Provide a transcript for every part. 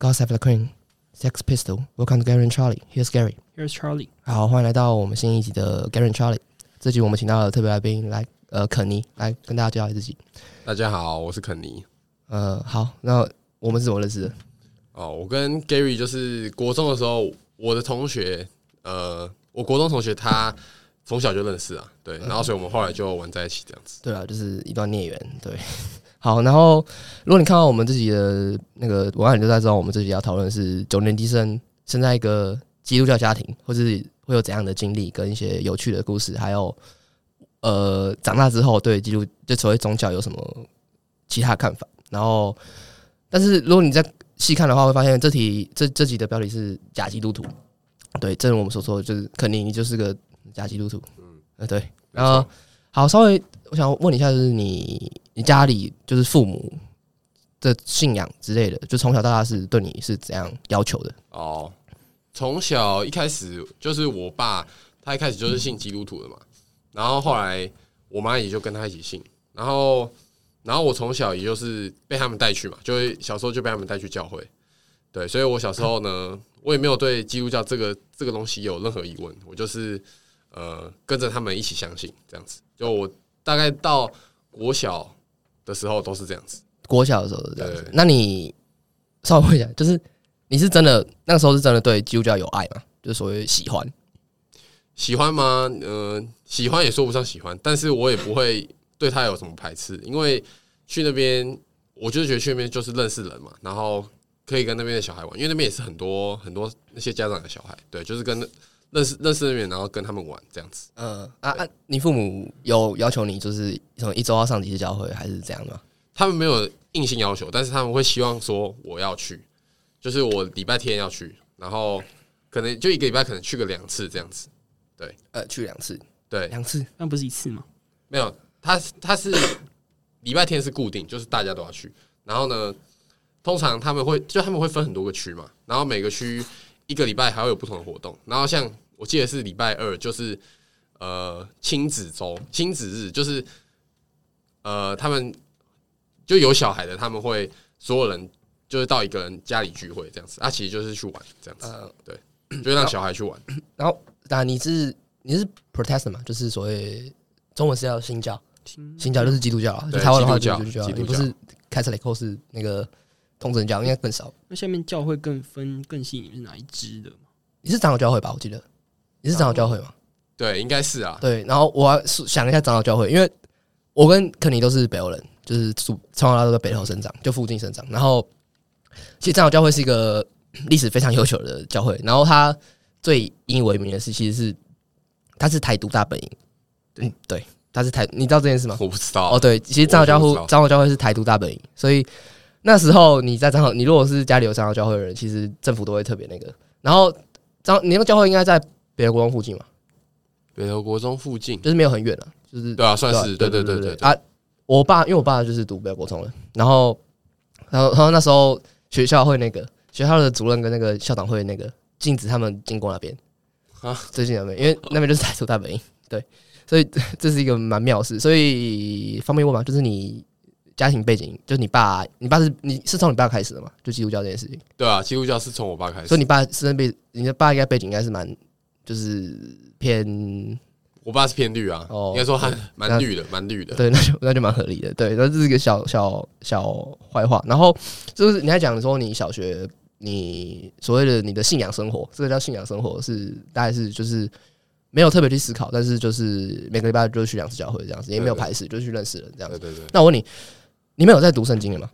Gossip the Queen, Sex Pistol, Welcome to Gary and Charlie. Here's Gary, Here's Charlie. 好，歡迎來到我們新一集的 Gary and Charlie。這集我們請到了特別來賓來，呃，肯尼來跟大家介紹一下自己。大家好，我是肯尼。呃，好，那我們是怎麼認識的？哦，我跟 Gary 就是國中的時候，我的同學，呃，我國中同學他從小就認識啊，對，Okay. 然後所以我們後來就玩在一起這樣子。對啊，就是一段孽緣，對。好，然後如果你看到我們自己的那個，文案，你就知道我們自己要討論是九年級生生在一個基督教家庭，或是會有怎樣的經歷，跟一些有趣的故事，還有呃長大之後對基督就所謂宗教有什麼其他看法。然後，但是如果你再細看的話，會發現這題這這集的標題是假基督徒，對，正如我們所說，就是肯定就是個假基督徒，嗯，對。然後，好，稍微我想問你一下，就是你。你家裡就是父母的信仰之類的，就從小到大是對你是怎樣要求的？哦，從小一開始就是我爸，他一開始就是信基督徒的嘛，嗯、然後後來我媽也就跟他一起信，然後，然後我從小也就是被他們帶去嘛，就會小時候就被他們帶去教會，對，所以我小時候呢，嗯、我也沒有對基督教這個這個東西有任何疑問，我就是呃跟着他們一起相信這樣子，就我大概到國小。的時候都是這樣子，國小的時候是這樣子，對對對對，那你稍微問一下，就是你是真的那個時候是真的對基督教有愛嗎？就是所謂喜歡，喜歡嗎？嗯、呃，喜歡也說不上喜歡，但是我也不會對他有什麼排斥， 因為去那邊，我就是覺得去那邊就是認識人嘛，然後可以跟那邊的小孩玩，因為那邊也是很多很多那些家長的小孩，對，就是跟。認識認識的人員，然後跟他們玩這樣子。嗯、呃、啊，對啊你父母有要求你就是什麼一周要上幾次教會，還是這樣嗎？他們沒有硬性要求，但是他們會希望說我要去，就是我禮拜天要去，然後可能就一個禮拜可能去個兩次這樣子。對，呃，去兩次。對，兩次那不是一次嗎？沒有，他他是禮拜天是固定，就是大家都要去。然後呢，通常他們會就他們會分很多個區嘛，然後每個區一個禮拜還會有不同的活動，然後像。我記得是禮拜二，就是呃親子週、親子日，就是呃他們就有小孩的，他們會所有人就是到一個人家裡聚會這樣子，啊，其實就是去玩這樣子，對，就讓小孩去玩。然後啊，你是你是 Protestant 嘛？就是所謂中文是叫新教，新教就是基督教啊，台灣的話就基督教。你不是 Catholic 或是那個通神教，應該更少。那下面教會更分更吸引你們是哪一支的嗎？你是長老教會吧？我記得。你是長老教會嗎？對，應該是啊。對，然後我想一下長老教會，因為我跟肯尼都是北歐人，就是從小到大都在北歐生長，就附近生長。然後，其實長老教會是一個歷史非常悠久的教會。然後，他最聞名的是，其實是他是台獨大本營。嗯，對，他是台，你知道這件事嗎？我不知道。哦，喔、對，其實長老教會長老教會是台獨大本營，所以那時候你在長老，你如果是家裡有長老教會的人，其實政府都會特別那個。然後，長你的教會應該在。北投國中附近嘛？北投國中附近就是沒有很遠了，就是對啊，算是對對對對，對，對，對啊！我爸因為我爸就是讀北投國中了，然後然後然後那時候學校會那個學校的主任跟那個校長會那個禁止他們經過那邊啊蛤，最近那邊因為那邊就是台獨大本營，對，所以這是一個蠻妙的事。所以方便問嗎？就是你家庭背景，就是你爸，你爸是你是從你爸開始的嗎？就基督教這件事情？對啊，基督教是從我爸開始，所以你爸是那背你的爸應該背景應該是蠻。就是偏，我爸是偏綠啊，哦，應該說他蠻對綠的，蠻那綠的。對，那就那就蠻合理的。對，那這是一個小小小壞話。然後就是你還講說你小學你所謂的你的信仰生活，這個叫信仰生活，是大概是就是沒有特別去思考，但是就是每個禮拜就去兩次教會這樣子，也沒有排斥，就去認識人這樣子。對對，對對對。那我問你，你沒有在讀聖經了嗎？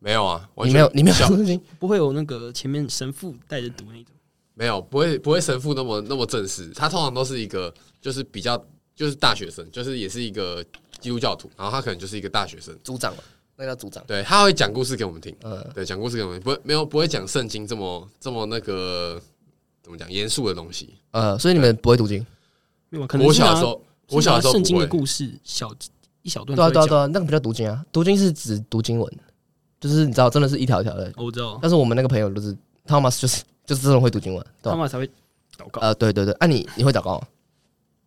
沒有啊，你沒有，你沒有在讀聖經，不會有那個前面神父帶着讀那種。沒有，不會不會，神父那麼那麼正式，他通常都是一個就是比較就是大學生，就是也是一個基督教徒，然後他可能就是一個大學生組長、啊、那個、叫組長。對，他會講故事給我們聽，呃，對，講故事給我們聽，不會沒有不會講聖經這麼這麼那個怎麼講嚴肅的東西，呃，所以你們不會讀經？對沒有，可能我小的時候我小時候聖經的故事小一小段、啊、對、啊、對、啊、對、啊，那個不叫讀經啊，讀經是指讀經文，就是你知道真的是一條一條的，歐洲、哦。但是我們那個朋友就是 Thomas 就是。就是這種會讀經文，對，他們才會禱告。呃，對對對，那你你會禱告嗎？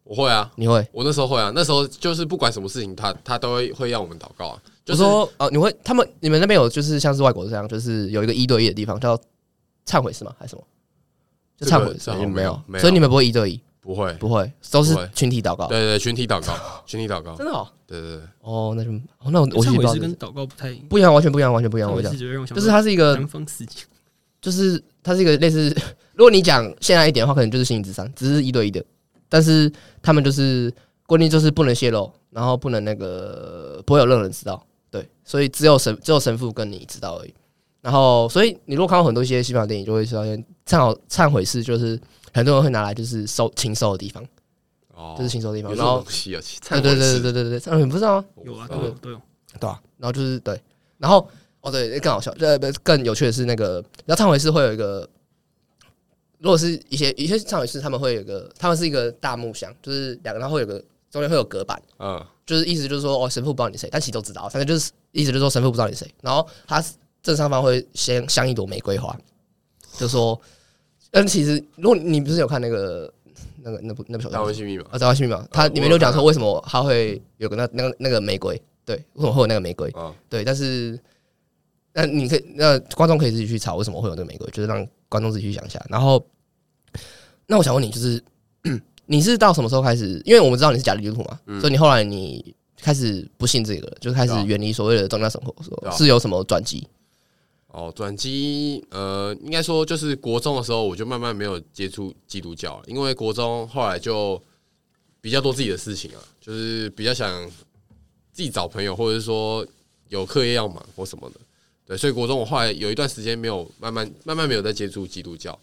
我會啊，你會？我那時候會啊，那時候就是不管什麼事情，他他都會會讓我們禱告啊。就是說，哦，你會？他們你們那邊有就是像是外國這樣，就是有一個一對一的地方叫懺悔是嗎？還是什麼？懺悔沒有沒有，所以你們不會一對一？不會不會，都是群體禱告。對對，群體禱告，群體禱告，真的哦？對對對。哦，那就哦，那我懺悔是跟禱告不太一樣，不一樣，完全不一樣，完全不一樣。我覺得就是它是一個就是。它是一個類似，如果你講現在一點的話，可能就是心理諮商，只是一對一的。但是他們就是，關鍵就是不能洩露，然後不能那個，不會有任何人知道，對。所以只有神，只有神父跟你知道而已。然後，所以你如果看過很多一些西方電影，就會知道，懺悔懺悔室就是很多人會拿來就是收禽獸的地方，哦，就是禽獸的地方。哦、然後，對對對對對對對，懺不知道有啊，都有對吧？啊啊？然後就是對，然後。哦，oh, 對，更好笑，對，不，更有趣的是那個，然後懺悔室會有一個，如果是一些一些懺悔室，他們會有一個，他們是一個大木箱，就是兩個人會有個中間會有隔板，嗯，uh. 就是意思就是說，哦，神父不知道你誰，但其實都知道，反正就是意思就是說神父不知道你誰，然後他正上方會先鑲一朵玫瑰花，就說，嗯，其實如果你不是有看那個那個那部那部小說，啊，《達文西密碼》，啊，《達文西密碼》，他裡面、uh, 就講說為什麼他會有個那那個那個玫瑰，對，為什麼會有那個玫瑰，uh. 對，但是。那你可以，那觀眾可以自己去查為什麼會有這個玫瑰，就是讓觀眾自己去想一下。然後，那我想問你，就是你是到什麼時候開始？因為我們知道你是假基督徒嘛，嗯、所以你後來你開始不信這個，就開始遠離所謂的宗教生活的時候，啊、是有什麼轉機、啊？哦，轉機，呃，應該說就是國中的時候，我就慢慢沒有接觸基督教了，因為國中後來就比較多自己的事情啊，就是比較想自己找朋友，或者是說有課業要忙或什麼的。對，所以國中我後來有一段時間沒有，慢慢慢慢沒有再接觸基督教，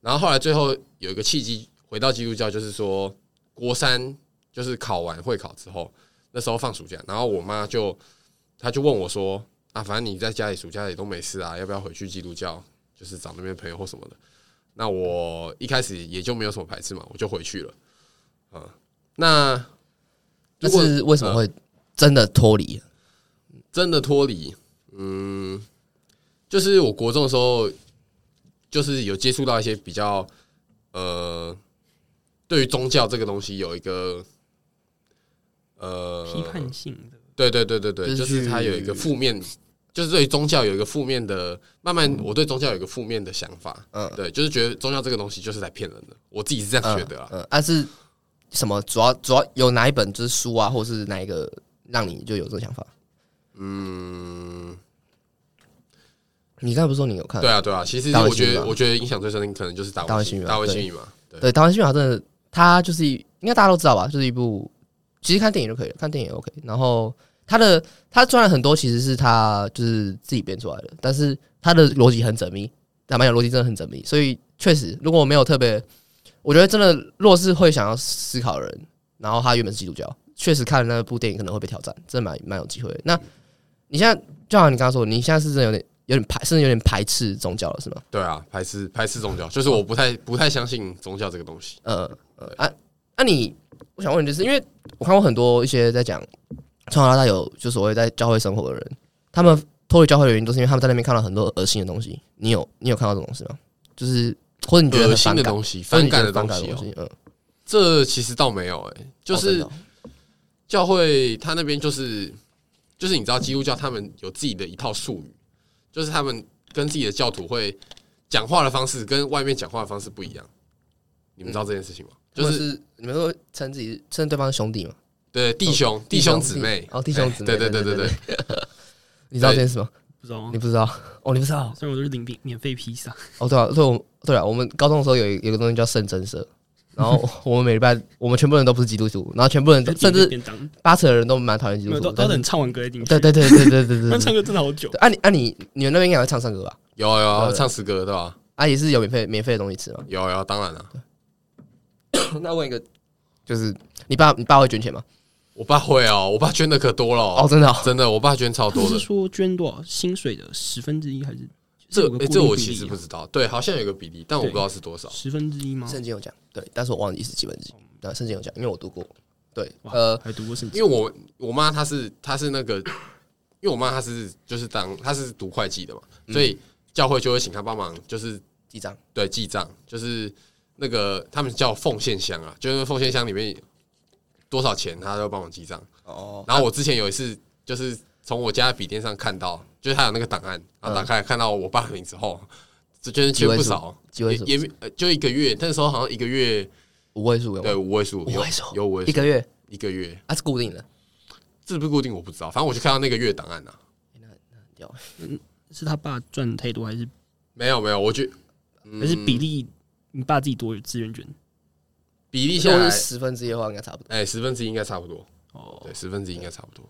然後後來最後有一個契機回到基督教，就是說國三就是考完會考之後，那時候放暑假，然後我媽就她就問我說啊，反正你在家裡暑假也都沒事啊，要不要回去基督教，就是找那邊朋友或什麼的？那我一開始也就沒有什麼排斥嘛，我就回去了。嗯，那那是為什麼會真的脫離？真的脫離？嗯，就是我國中的時候，就是有接觸到一些比較呃，對於宗教這個東西有一個呃批判性的，對對對對對，就是，就是它有一個負面，就是對於宗教有一個負面的。慢慢我對宗教有一個負面的想法，嗯，對，就是覺得宗教這個東西就是在騙人的。我自己是這樣覺得、嗯嗯、啊。但是什麼？主要主要有哪一本之書啊，或是哪一個讓你就有這想法？嗯。你剛才不是說你有看的？對啊，對啊。其實我覺得，我覺得影響最深的可能就是《達文西》《達文西密碼》嘛。對，對，《達文西密碼》真的，他就是一，應該大家都知道吧？就是一部，其實看電影就可以了，看電影也 OK。然後他的他賺了很多，其實是他就是自己編出來的，但是他的邏輯很縝密，《達文西》講邏輯真的很縝密，所以確實，如果我沒有特別，我覺得真的，若是會想要思考的人，然後他原本是基督教，確實看了那部電影可能會被挑戰，真的蠻蠻有機會。那你現在，就好像你剛剛說，你現在是真的有點。有點排，甚至有點排斥宗教了，是嗎？對啊，排斥排斥宗教，就是我不太、哦、不太相信宗教這個東西。呃呃，呃對啊，那、啊、你我想問你，就是因為我看過很多一些在講從加拿大有就所謂在教會生活的人，他們脫離教會的原因，都是因為他們在那邊看到很多惡心的東西。你有你有看到這種東西嗎？就是或者你覺得惡心的東西，反感的東西、哦，嗯，這其實倒沒有、欸，哎，就是教會他那邊就是就是你知道基督教他們有自己的一套術語。就是他們跟自己的教徒會講話的方式跟外面講話的方式不一樣，你們知道這件事情嗎？嗯、就是，我們是，你們都稱自己稱對方是兄弟嗎？對，弟兄、哦、弟，兄弟兄姊妹，哦，弟兄姊妹，欸、對，對，對對對對對。 你知道這件事嗎？不知道，你不知道？哦，你不知道？所以我都是領餅免費披薩？ 哦，對啊，對啊，我、啊，對啊，我們高中的時候有一個有一個東西叫聖真社。 然後我們每禮拜，我們全部人都不是基督徒，然後全部人，甚至八成的人都蠻討厭基督徒。都成唱完歌一定對對對對對對對，對。 他唱歌真的好久。啊你啊你，你們那邊應該會唱聖歌吧？有、啊、有、啊，唱詩歌對吧？啊也、啊、是有免費免費的東西吃嗎？有有、啊，當然了、啊。 那問一個，就是你爸你爸會捐錢嗎？我爸會啊、哦，我爸捐的可多了哦，哦真的、哦、真的，我爸捐超多的。是說捐多少薪水的十分之一還是？這哎、啊欸，這我其實不知道。對，好像有個比例，但我不知道是多少。十分之一嗎？聖經有講，對，但是我忘記是幾分之一。對，聖經有講，因為我讀過。對，哇呃，還讀過聖經，因為我我媽她是，她是那個，因為我媽她是就是當她是讀會計的嘛，所以教會就會請她幫忙，就是記賬。嗯、對，記賬就是那個他們叫奉獻箱啊，就是奉獻箱裡面多少錢，她都幫我記賬。哦。然後我之前有一次，就是從我家的筆電上看到，就是他有那個檔案，然後打開看到我爸的名字後，就覺得捐捐不少，幾位數也就一個月，那時候好像一個月五位數，對，五位數，五位數，有五位數，一個月，一個月，啊，是固定的，是不是固定？我不知道，反正我就看到那個月檔案吶，那那很屌，嗯，是他爸賺的太多還是沒有沒有？我覺，嗯，是比例，你爸自己多有資源捐。比例下來現在十分之一的話應該差不多，哎，十分之一應該差不多，哦，對，十分之一應該差不多。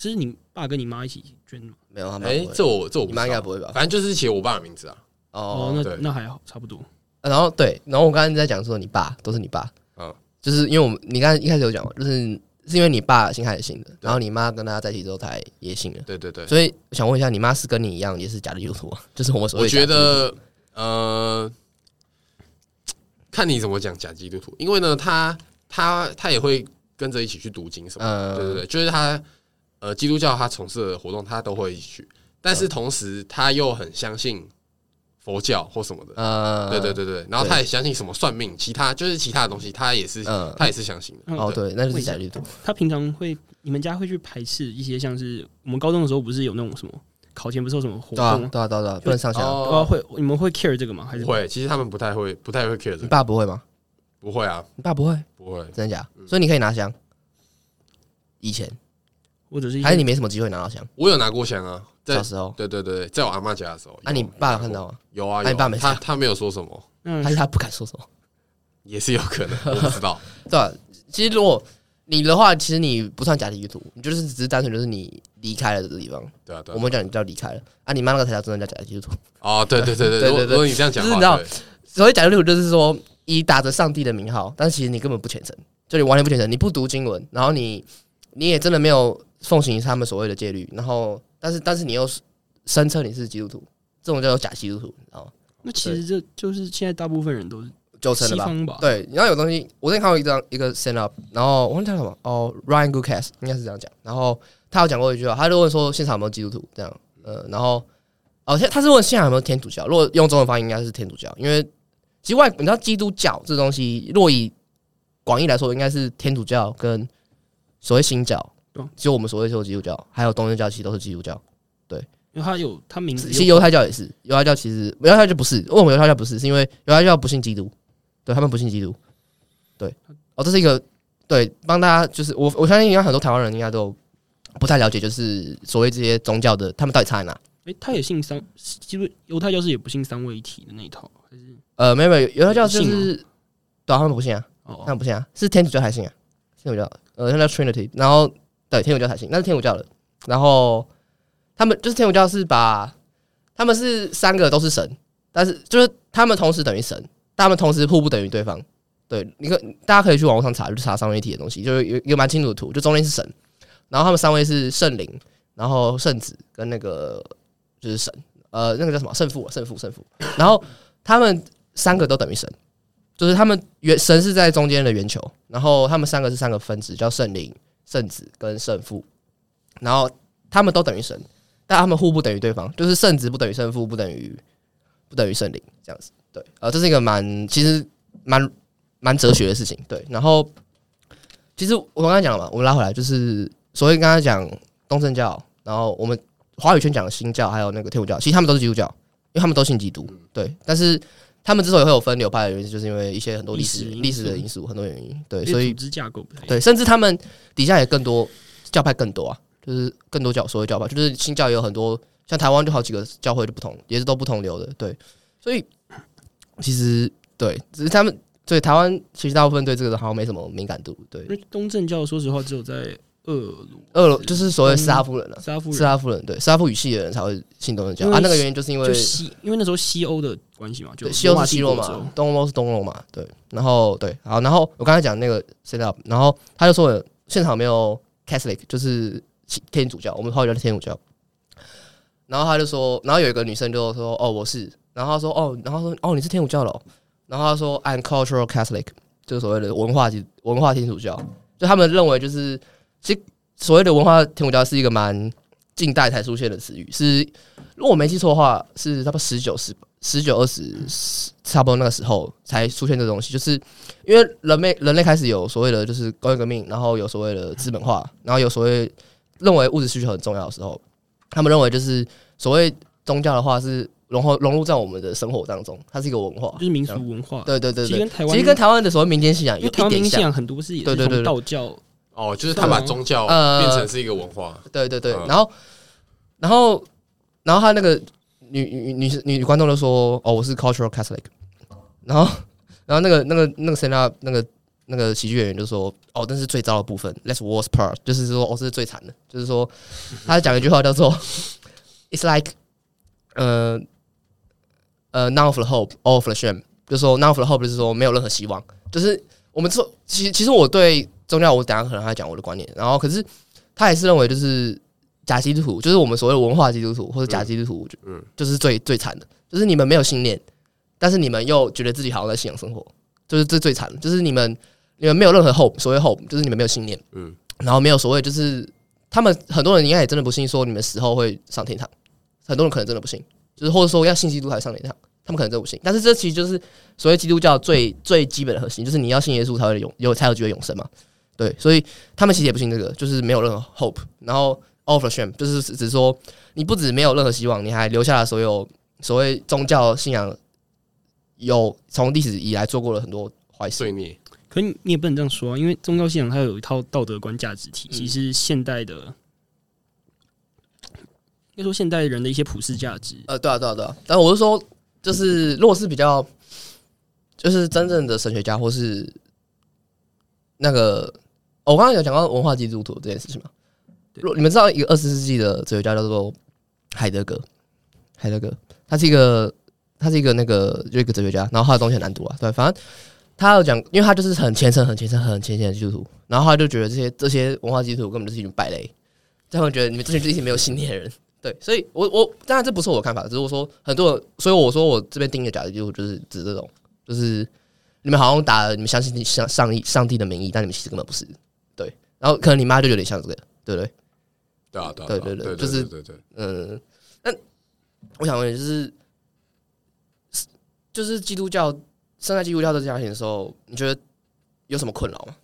就是你爸跟你媽一起捐的嗎？沒有？哎，這我這我媽應該不會吧？反正就是寫我爸的名字啊。哦，那那還好，差不多。然後對，然後我剛才在講說，你爸都是你爸，嗯，就是因為我們你剛才一開始有講過，就是是因為你爸先開也信的，然後你媽跟他在一起之後才也信了。對對對。所以想問一下，你媽是跟你一樣也是假基督徒啊？就是我我覺得，呃，看你怎麼講假基督徒，因為呢，他他他也會跟着一起去讀經什麼的，對對對，就是他。呃，基督教他從事的活動他都會去，但是同時他又很相信佛教或什麼的，嗯，對對對對，然後他也相信什麼算命，其他就是其他的東西，他也是，嗯，他也是相信的。哦，對，那是會比的。他平常會，你們家會去排斥一些，像是我們高中的時候不是有那種什麼考前不是有什麼活動，對啊對啊對啊，不能燒香，會你們會 care 這個嗎？還是會？其實他們不太會，不太會 care。你爸不會嗎？不會啊，你爸不會，不會，真的假？所以你可以拿香，以前？我只是還是你沒什麼機會拿到香？我有拿過香啊，在小時候，對對對，在我阿媽家的時候。那你爸有看到嗎？有啊。那你爸沒他他沒有說什麼？還是他不敢說什麼？也是有可能，我知道，對吧？其實如果你的話，其實你不算假基督徒，你就是只是單純就是你離開了這個地方。對啊，我們講你叫離開了。啊，你媽那個才叫真的叫假基督徒。哦，對對對對對對，如果你這樣講，你知道，所謂假基督就是說，你打着上帝的名號，但是其實你根本不虔誠，就你完全不虔誠，你不讀經文，然後你你也真的沒有奉行是他們所謂的戒律，然後但是但是你又是聲稱你是基督徒，這種叫做假基督徒，你知道嗎？那其實這對就是現在大部分人都是九成了吧？方對，然後有東西我之前看過一張一個 setup，然後我問他，什麼哦，Ryan Goodcast 應該是這樣講，然後他有講過一句話，他就問說現場有沒有基督徒這樣，呃，然後哦現他是問現場有沒有天主教，如果用中文翻譯應該是天主教，因為其實外你知道基督教這東西，若以廣義來說，應該是天主教跟所謂新教。就我們所謂說基督教，還有東正教，其實都是基督教，對，因為他有他名字。其實猶太教也是，猶太教其實，猶太教不是，為什麼猶太教不是，是因為猶太教不信基督，對，他們不信基督，對，哦，這是一個對，幫大家就是我我相信應該很多台灣人應該都不太了解，就是所謂這些宗教的，他們到底差在哪？誒、欸，他也信三基督，猶太教是也不信三位一體的那一套，還是呃，沒呃沒有，猶太教，就是，對他們不信啊，他們不信啊，哦哦信啊，是天主教還信啊？信什麼教？呃，叫 Trinity，然後。對天主教才信，那是天主教的。然後他們就是天主教是把他們是三個都是神，但是就是他們同時等於神，他們同時互不等於對方。對，你可大家可以去網絡上查，就查三位一體的東西，就是有有蠻清楚的圖，就中間是神，然後他們三位是聖靈，然後聖子跟那個就是神，呃，那個叫什麼？聖父，聖父，聖父。然後他們三個都等於神，就是他們圓神是在中間的圓球，然後他們三個是三個分子，叫聖靈，聖子跟聖父，然後他們都等於神，但他們互不等於對方，就是聖子不等於聖父不，不等於不等於聖靈這樣子。對，啊、呃，這是一個蠻其實蠻蠻哲學的事情。對，然後其實我剛剛講了嘛，我們拉回來就是，所謂剛剛講東正教，然後我們華語圈講的新教，還有那個天主教，其實他們都是基督教，因為他們都信基督。嗯、對，但是。他們之所以會有分流派的原因，就是因為一些很多歷史歷史的因素，因素很多原因，對，所以組織架構不太一樣，對，甚至他們底下也更多教派更多啊，就是更多教，所謂教派，就是新教也有很多，像台灣就好幾個教會就不同，也是都不同流的，對，所以其實對，只是他們對台灣，其實大部分對這個好像沒什麼敏感度，對，因為東正教說實話只有在。俄羅，俄羅就是所謂斯拉夫人了、啊，斯拉夫,夫人，對，斯拉夫語系的人才會信東正教為啊。那個原因就是因為西，因為那時候西歐的關係嘛，就對西歐是西歐嘛，嘛東歐是東歐嘛,嘛，對。然後對，好，然後,然後我剛才講那個 setup，然後他就說現場沒有 Catholic，就是天主教，我們好叫天主教。然後他就說，然後有一個女生就說，哦，我是。然後他說，哦，然後他說，哦，你是天主教了、哦。然後他說 I'm cultural Catholic 就是所謂的文化，文化天主教，就他們認為就是。其，所謂的文化天主教是一個蠻近代才出現的詞語，是如果我沒記錯的話，是差不多十九十十九二十差不多那個時候才出現的東西。就是因為人類人類開始有所謂的，就是工業革命，然後有所謂的資本化，然後有所謂認為物質需求很重要的時候，他們認為就是所謂宗教的話是融合融入在我們的生活當中，它是一個文化，就是民俗文化。對對對，對對對，其實跟台灣其實跟台灣的所謂民間信仰有一點像，很多是，也是從道教對對對對對。哦，就是他把宗教，嗯呃、變成是一個文化。對對對，嗯、然後，然後，然後他那個女女女女觀眾就說：“哦，我是 Cultural Catholic。”然後，然後那個那個那個誰啊，那個、那個 up, 那個、那個喜劇演員就說：“哦，那是最糟的部分，Let's worst part，就是說我、哦、是最慘的，就是說他講一句話叫做、嗯、哼 ‘It's like 呃呃、uh, None of the hope, all of the shame’，就是說 None of the hope 就是說沒有任何希望，就是我們說，其其實我對。”宗教我等下可能還講我的觀念，然後可是他還是認為就是假基督徒，就是我們所謂的文化基督徒或者假基督徒，嗯，就是最最慘的，就是你們沒有信念，但是你們又覺得自己好像在信仰生活，就是這最慘的，就是你們你們沒有任何 hope，所謂 hope 就是你們沒有信念，嗯，然後沒有所謂就是他們很多人應該也真的不信，說你們死後會上天堂，很多人可能真的不信，就是或者說要信基督才上天堂，他們可能真的不信，但是這其實就是所謂基督教最最基本的核心，就是你要信耶穌才會永有才有機會永生嘛。對，所以他們其實也不信這個，就是沒有任何 hope。然後 offer shame 就是只說你不止沒有任何希望，你還留下了所有所謂宗教信仰有從歷史以來做過了很多壞事。毀滅面。可你，你也不能這樣說啊，因為宗教信仰它有一套道德觀、價值體系，是現代的。應、嗯、說，現代人的一些普世價值。呃，對啊，對啊，對啊。但我是說，就是如果是比較，就是真正的神學家，或是那個。我剛剛有講到文化基督徒這件事情嗎？你們知道一個二十世紀的哲學家叫做海德格，海德格他是一個他是一個那個就一個哲學家，然後他的東西很難讀啊。對，反正他有講，因為他就是很虔誠、很虔誠、很虔誠的基督徒，然後他就覺得這些這些文化基督徒根本就是一群敗類，他們覺得你們這些這些沒有信念的人。對，所以我我當然這不是我的看法，只是我說很多，所以我說我這邊定義的假的就就是指這種，就是你們好像打了你們相信你上上帝上帝的名義，但你們其實根本不是。對，然後可能你媽就有點像這個，對不對？對啊，對，對對對就是，對對，嗯，那我想問你，就是，就是，就是基督教，生在基督教的家庭的時候，你覺得有什麼困擾嗎？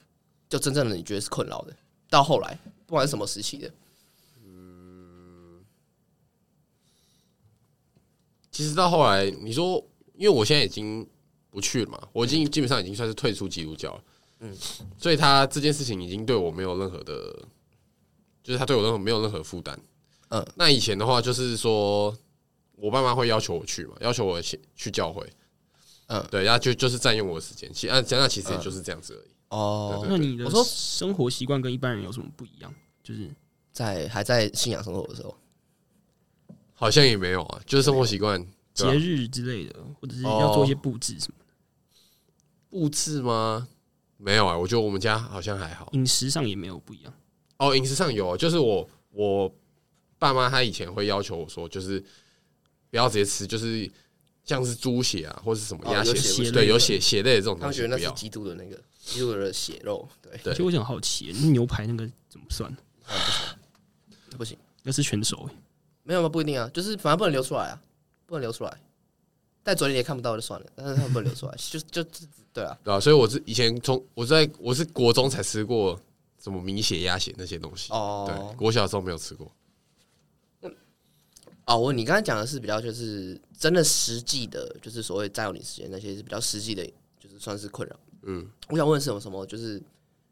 就真正的你覺得是困擾的，到後來，不管是什麼時期的，嗯，其實到後來，你說，因為我現在已經不去了嘛，我已經基本上已經算是退出基督教了。嗯，所以他這件事情已經對我沒有任何的，就是他對我任何沒有任何負擔。嗯，那以前的話就是說，我爸媽會要求我去嘛，要求我去去教會。嗯，對，他就就是占用我的時間，其啊，那其實也就是這樣子而已。嗯、哦，對對對，那你的我說生活習慣跟一般人有什麼不一樣？就是在還在信仰生活的時候，好像也沒有啊，就是生活習慣、節、啊、日之類的，或者是要做一些布置什麼的，哦、布置嗎？沒有啊，我覺得我們家好像還好。飲食上也沒有不一樣。哦，飲食上有、啊，就是我我爸媽他以前會要求我說，就是不要直接吃，就是像是豬血啊或者是什麼鴨血，哦、血類，對，有血血類的這種東西。他覺得那是基督的那個基督的血肉。對，其實對我很好奇，那牛排那個怎麼算呢、？ 哦？不行，不行，那是全熟。沒有嗎？不一定啊，就是反正不能流出來啊，不能流出來。在嘴裡也看不到就算了，但是他們不會流出來，就就對啊，對啊。所以我是以前從我在我是國中才吃過什麼米血鴨血那些東西，oh. 對，我小的時候沒有吃過。哦，我你剛才講的是比較就是真的實際的，就是所謂佔用你時間那些是比較實際的，就是算是困擾。嗯，我想問什麼？什麼就是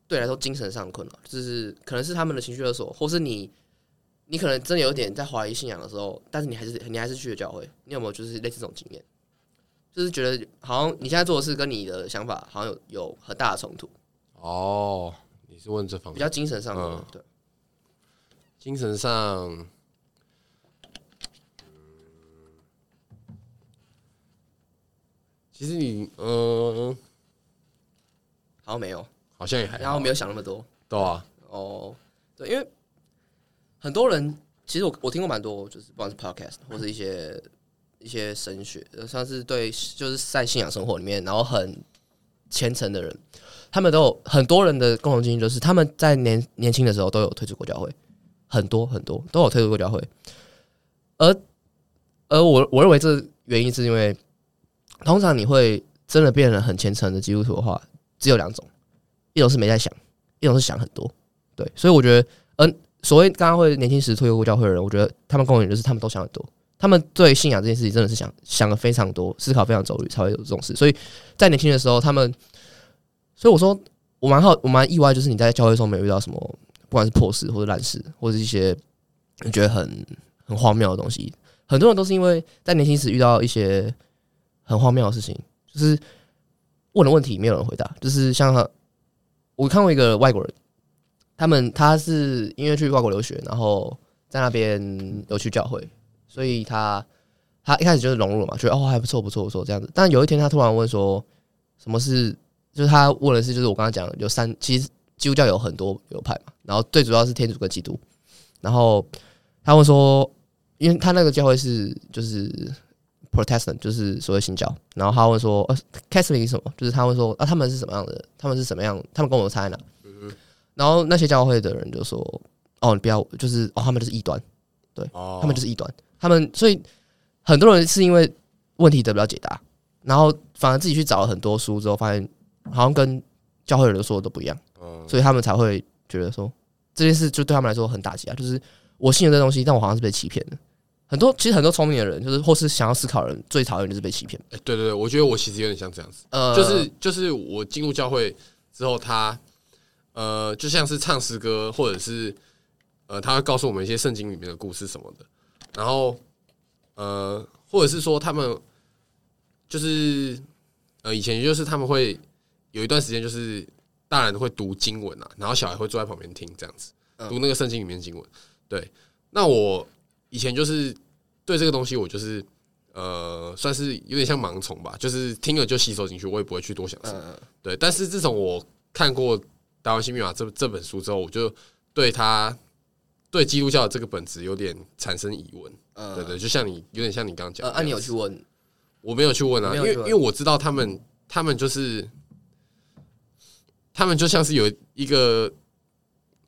對來說精神上的困擾，就是可能是他們的情緒勒索，或是你你可能真的有點在懷疑信仰的時候，但是你還是你還是去了教會，你有沒有就是類似這種經驗？就是覺得好像你現在做的事跟你的想法好像有有很大的衝突哦。你是問這方面，比較精神上的、嗯、對精神上，嗯、其實你嗯，好像沒有，好像也好還，然後沒有想那麼多，對啊、嗯。哦，對，因為很多人其實我我聽過蠻多，就是不管是 podcast 或是一些。嗯一些神學，像是對，就是在信仰生活裡面，然後很虔誠的人，他們都有很多人的共同經驗，就是他們在年年輕的時候都有退出過教會，很多很多都有退出過教會。而，而我我認為這原因是因為，通常你會真的變成很虔誠的基督徒的話，只有兩種，一種是沒在想，一種是想很多。對，所以我覺得，嗯，所謂剛剛會年輕時退出過教會的人，我覺得他們共同點就是他們都想很多。他們對信仰這件事情真的是想想了非常多，思考非常周密，才會有這種事。所以在年輕的時候，他們，所以我說我蠻好，我蠻意外，就是你在教會中沒有遇到什麼，不管是破事或者爛事，或者一些你覺得很很荒謬的東西。很多人都是因為在年輕時遇到一些很荒謬的事情，就是問了問題沒有人回答。就是像我看過一個外國人，他們他是因為去外國留學，然後在那邊有去教會。所以他他一開始就是融入了嘛，覺得哦還不錯不錯不錯這樣子。但有一天他突然問說，什麼是？就是他問的是，就是我剛才講有三，其實基督教有很多流派嘛。然後最主要是天主跟基督。然後他問說，因為他那個教會是就是 Protestant，就是所謂新教。然後他問說，呃 Catholic 是什麼？就是他問說啊，他們是什麼樣的人？他們是什麼樣？他們跟我差在哪？嗯、哼然後那些教會的人就說，哦，你不要，就是哦，他們就是異端，對、哦、他們就是異端。他們所以很多人是因為問題得不到解答，然後反而自己去找了很多書，之後發現好像跟教會的人說的都不一樣，所以他們才會覺得說這件事就對他們來說很打擊啊！就是我信的這東西，但我好像是被欺騙的。很多其實很多聰明的人，就是或是想要思考的人，最討厭就是被欺騙。哎，對對對，我覺得我其實有點像這樣子，呃，就是就是我進入教會之後，他呃就像是唱詩歌，或者是呃他會告訴我們一些聖經裡面的故事什麼的。然後，呃，或者是說他們就是呃，以前就是他們會有一段時間，就是大人會讀經文啊，然後小孩會坐在旁邊聽這樣子，嗯、讀那個聖經裡面的經文。對，那我以前就是對這個東西，我就是呃，算是有點像盲從吧，就是聽了就吸收進去，我也不會去多想什麼。嗯。對，但是自從我看過《達文西密碼》這這本書之後，我就對它。對基督教的這個本質有點產生疑問，對對，就像你有點像你剛剛講，啊，你有去問，我沒有去問啊，因為因為我知道他們，他們就是，他們就像是有一個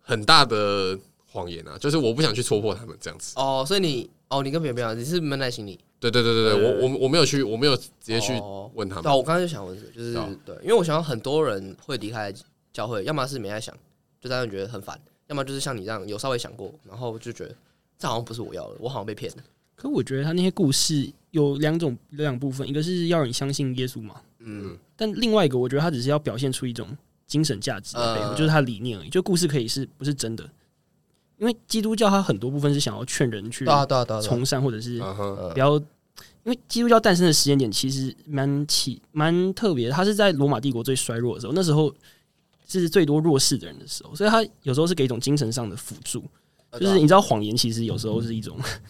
很大的謊言啊，就是我不想去戳破他們這樣子。哦，所以你，哦，你跟別人不一樣，你是悶在心裡，對對對對對，對，我我我沒有去，我沒有直接去問他們。哦，我剛剛就想問，就是對，因為我想到很多人會離開教會，要麼是沒在想，就單純覺得很煩。要麼就是像你這樣有稍微想過，然後就覺得這好像不是我要的，我好像被騙了。可我覺得他那些故事有兩種，有兩部分，一個是要你相信耶穌嘛，嗯，但另外一個我覺得他只是要表現出一種精神價值，嗯、就是他理念而已。就故事可以是不是真的，因為基督教它很多部分是想要勸人去，從善或者是比較。嗯、因為基督教誕生的時間點其實蠻奇蠻特別，他是在羅馬帝國最衰弱的時候，那時候。是最多弱勢的人的時候，所以他有時候是給一種精神上的輔助，就是你知道謊言其實有時候是一種、嗯。嗯、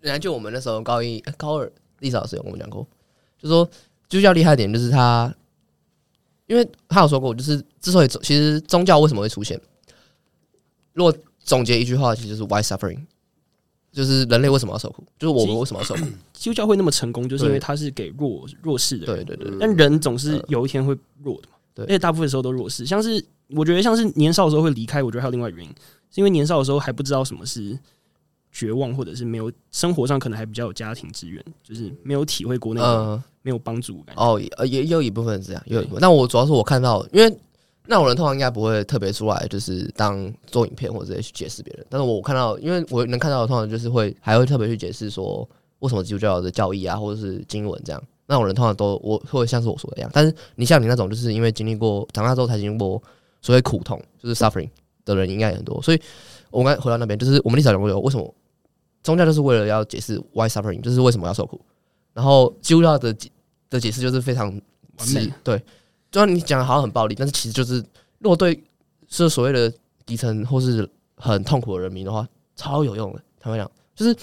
原來就我們那時候高一、高二歷史老師有跟我們講過，就說基督教厲害一點就是他，因為他有說過，就是之所以其實宗教為什麼會出現，如果總結一句話其實就是 why suffering，就是人類為什麼要受苦，就是我們為什麼要受苦咳咳。基督教會那麼成功，就是因為他是給弱對弱勢的人，對對，對對對，但人總是有一天會弱的嘛。呃因為對 大部分的時候都弱勢，像是我覺得像是年少的時候會離開，我覺得還有另外一個原因，是因為年少的時候還不知道什麼是絕望，或者是沒有生活上可能還比較有家庭資源，就是沒有體會過那個沒有幫助感、呃。哦，也有一部分是這樣，有。一部分。那對 我主要是我看到，因為那我人通常應該不會特別出來，就是當做影片或者是去解釋別人。但是我看到，因為我能看到的通常就是會還會特別去解釋說為什麼基督教的教義啊，或者是經文這樣。那種人通常都我或者像是我說的一樣，但是你像你那種就是因為經歷過長大之後才經歷過所謂苦痛，就是 suffering 的人應該也很多。所以，我剛才回到那邊，就是我們歷史上有為什麼宗教就是為了要解釋 why suffering，就是為什麼要受苦。然後基督教的解的解釋就是非常完美，對，就像你講的好像很暴力，但是其實就是如果對是所謂的底層或是很痛苦的人民的話，超有用的。他們講就是。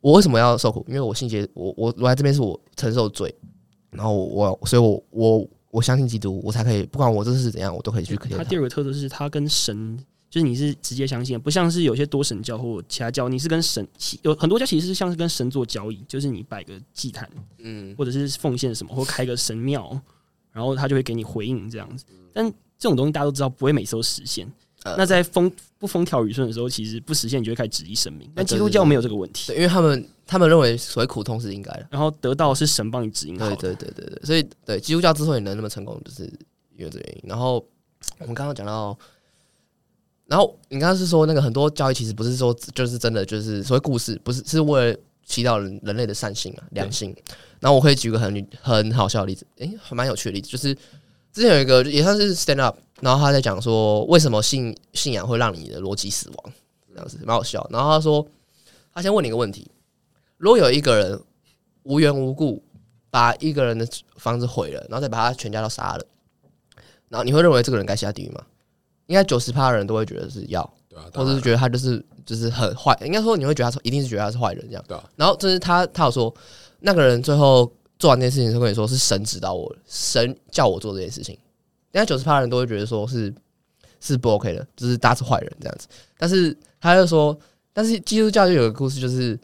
我為什麼要受苦？因為我信耶穌，我我我來這邊是我承受罪，然後我，我所以我我我相信基督，我才可以不管我這是怎樣，我都可以去肯定他。欸，他第二個特色是，他跟神就是你是直接相信，不像是有些多神教或其他教，你是跟神有很多教其實是像是跟神做交易，就是你擺個祭壇，嗯，或者是奉獻什麼，或開個神廟，然後他就會給你回應這樣子。但這種東西大家都知道，不會每次都實現。呃、那在風不風調雨順的時候，其實不實現，你就會開始質疑神明。但基督教沒有這個問題，對對對對對，因為他們他們認為所謂苦痛是應該的，然後得到是神幫你指引的。對對對對，對，所以對基督教之所以能那麼成功，就是因為這個原因。然後我們剛剛講到，然後你剛剛是說那個很多教育其實不是說就是真的，就是所謂故事，不是是為了祈禱人人類的善心啊良心。那對我可以舉個很很好笑的例子，欸、還蠻有趣的例子，就是。之前有一個也算是 stand up，然後他在講說為什麼信信仰會讓你的邏輯死亡這樣子，蠻好笑。然後他說，他先問你一個問題：如果有一個人無緣無故把一個人的房子毀了，然後再把他全家都殺了，然後你會認為這個人該下地獄嗎？應該九十趴的人都會覺得是要，對啊，或者是覺得他就是就是很壞。應該說你會覺得他一定是覺得他是壞人這樣，對啊。然後就是他他有說那個人最後。做完這件事情，就跟你說是神指導我，神叫我做這件事情。人家九十八的人都會覺得說是是不 OK 的，就是他是壞人這樣子。但是他就說，但是基督教就有個故事，就是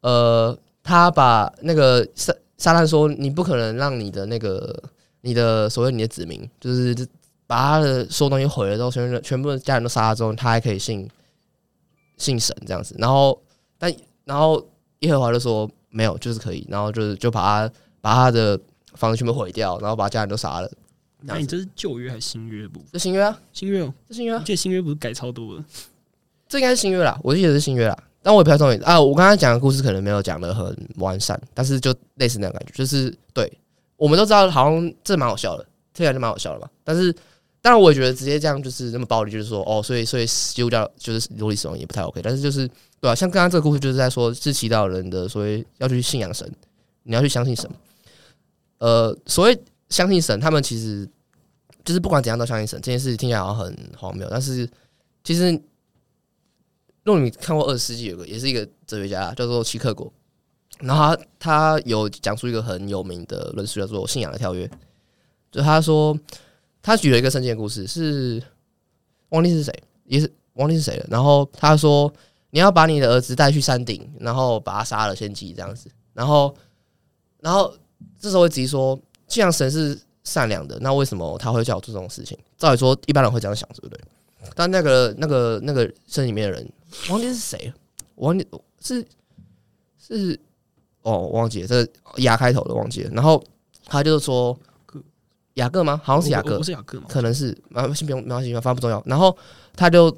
呃，他把那個撒撒旦說你不可能讓你的那個你的所謂你的子民，就是就把他的所有東西毀了之後，全全部的家人都殺了之後，他還可以信信神這樣子。然後但然後耶和華就說。沒有，就是可以，然後就是就把他把他的房子全部毀掉，然後把家人都殺了。那、啊、你這是舊約還是新約不，這新約啊，新約哦，這新約這、啊、新約不是改超多了？這應該是新約啦，我記得是新約啦。但我也不太懂啊。我剛才講的故事可能沒有講得很完善，但是就類似那種感覺，就是對，我們都知道，好像這蠻好笑的，聽起來就蠻好笑的嘛。但是。但我也覺得直接這樣就是那麼暴力，就是說哦，所以所以基督教就是弱肉強食，也不太 OK。但是就是對吧、啊？像剛剛這個故事就是在說，是祈禱人的，所以要去信仰神，你要去相信神。呃，所謂相信神，他們其實就是不管怎樣都相信神，這件事情聽起來好像很荒謬，但是其實若你看過二十世紀有個也是一個哲學家叫做齊克果，然後他，他有講述一個很有名的論述叫做信仰的跳躍，就他說。他舉了一個聖經的故事，是忘記是誰？也是忘記是誰？然後他說：“你要把你的兒子帶去山頂，然後把他殺了獻祭這樣子。”然後，然後這時候會直接說：“既然神是善良的，那為什麼他會叫我做這種事情？”照理說，一般人會這樣想，對不對？但那個、那個、那個聖經裡面的人，忘記是誰？忘記是是哦，忘記了，是、這個、牙開頭的忘記了。然後他就是說。雅各嗎？好像是雅各，不是雅各嗎？可能是，啊，沒有，沒關係，反正不重要。然後他就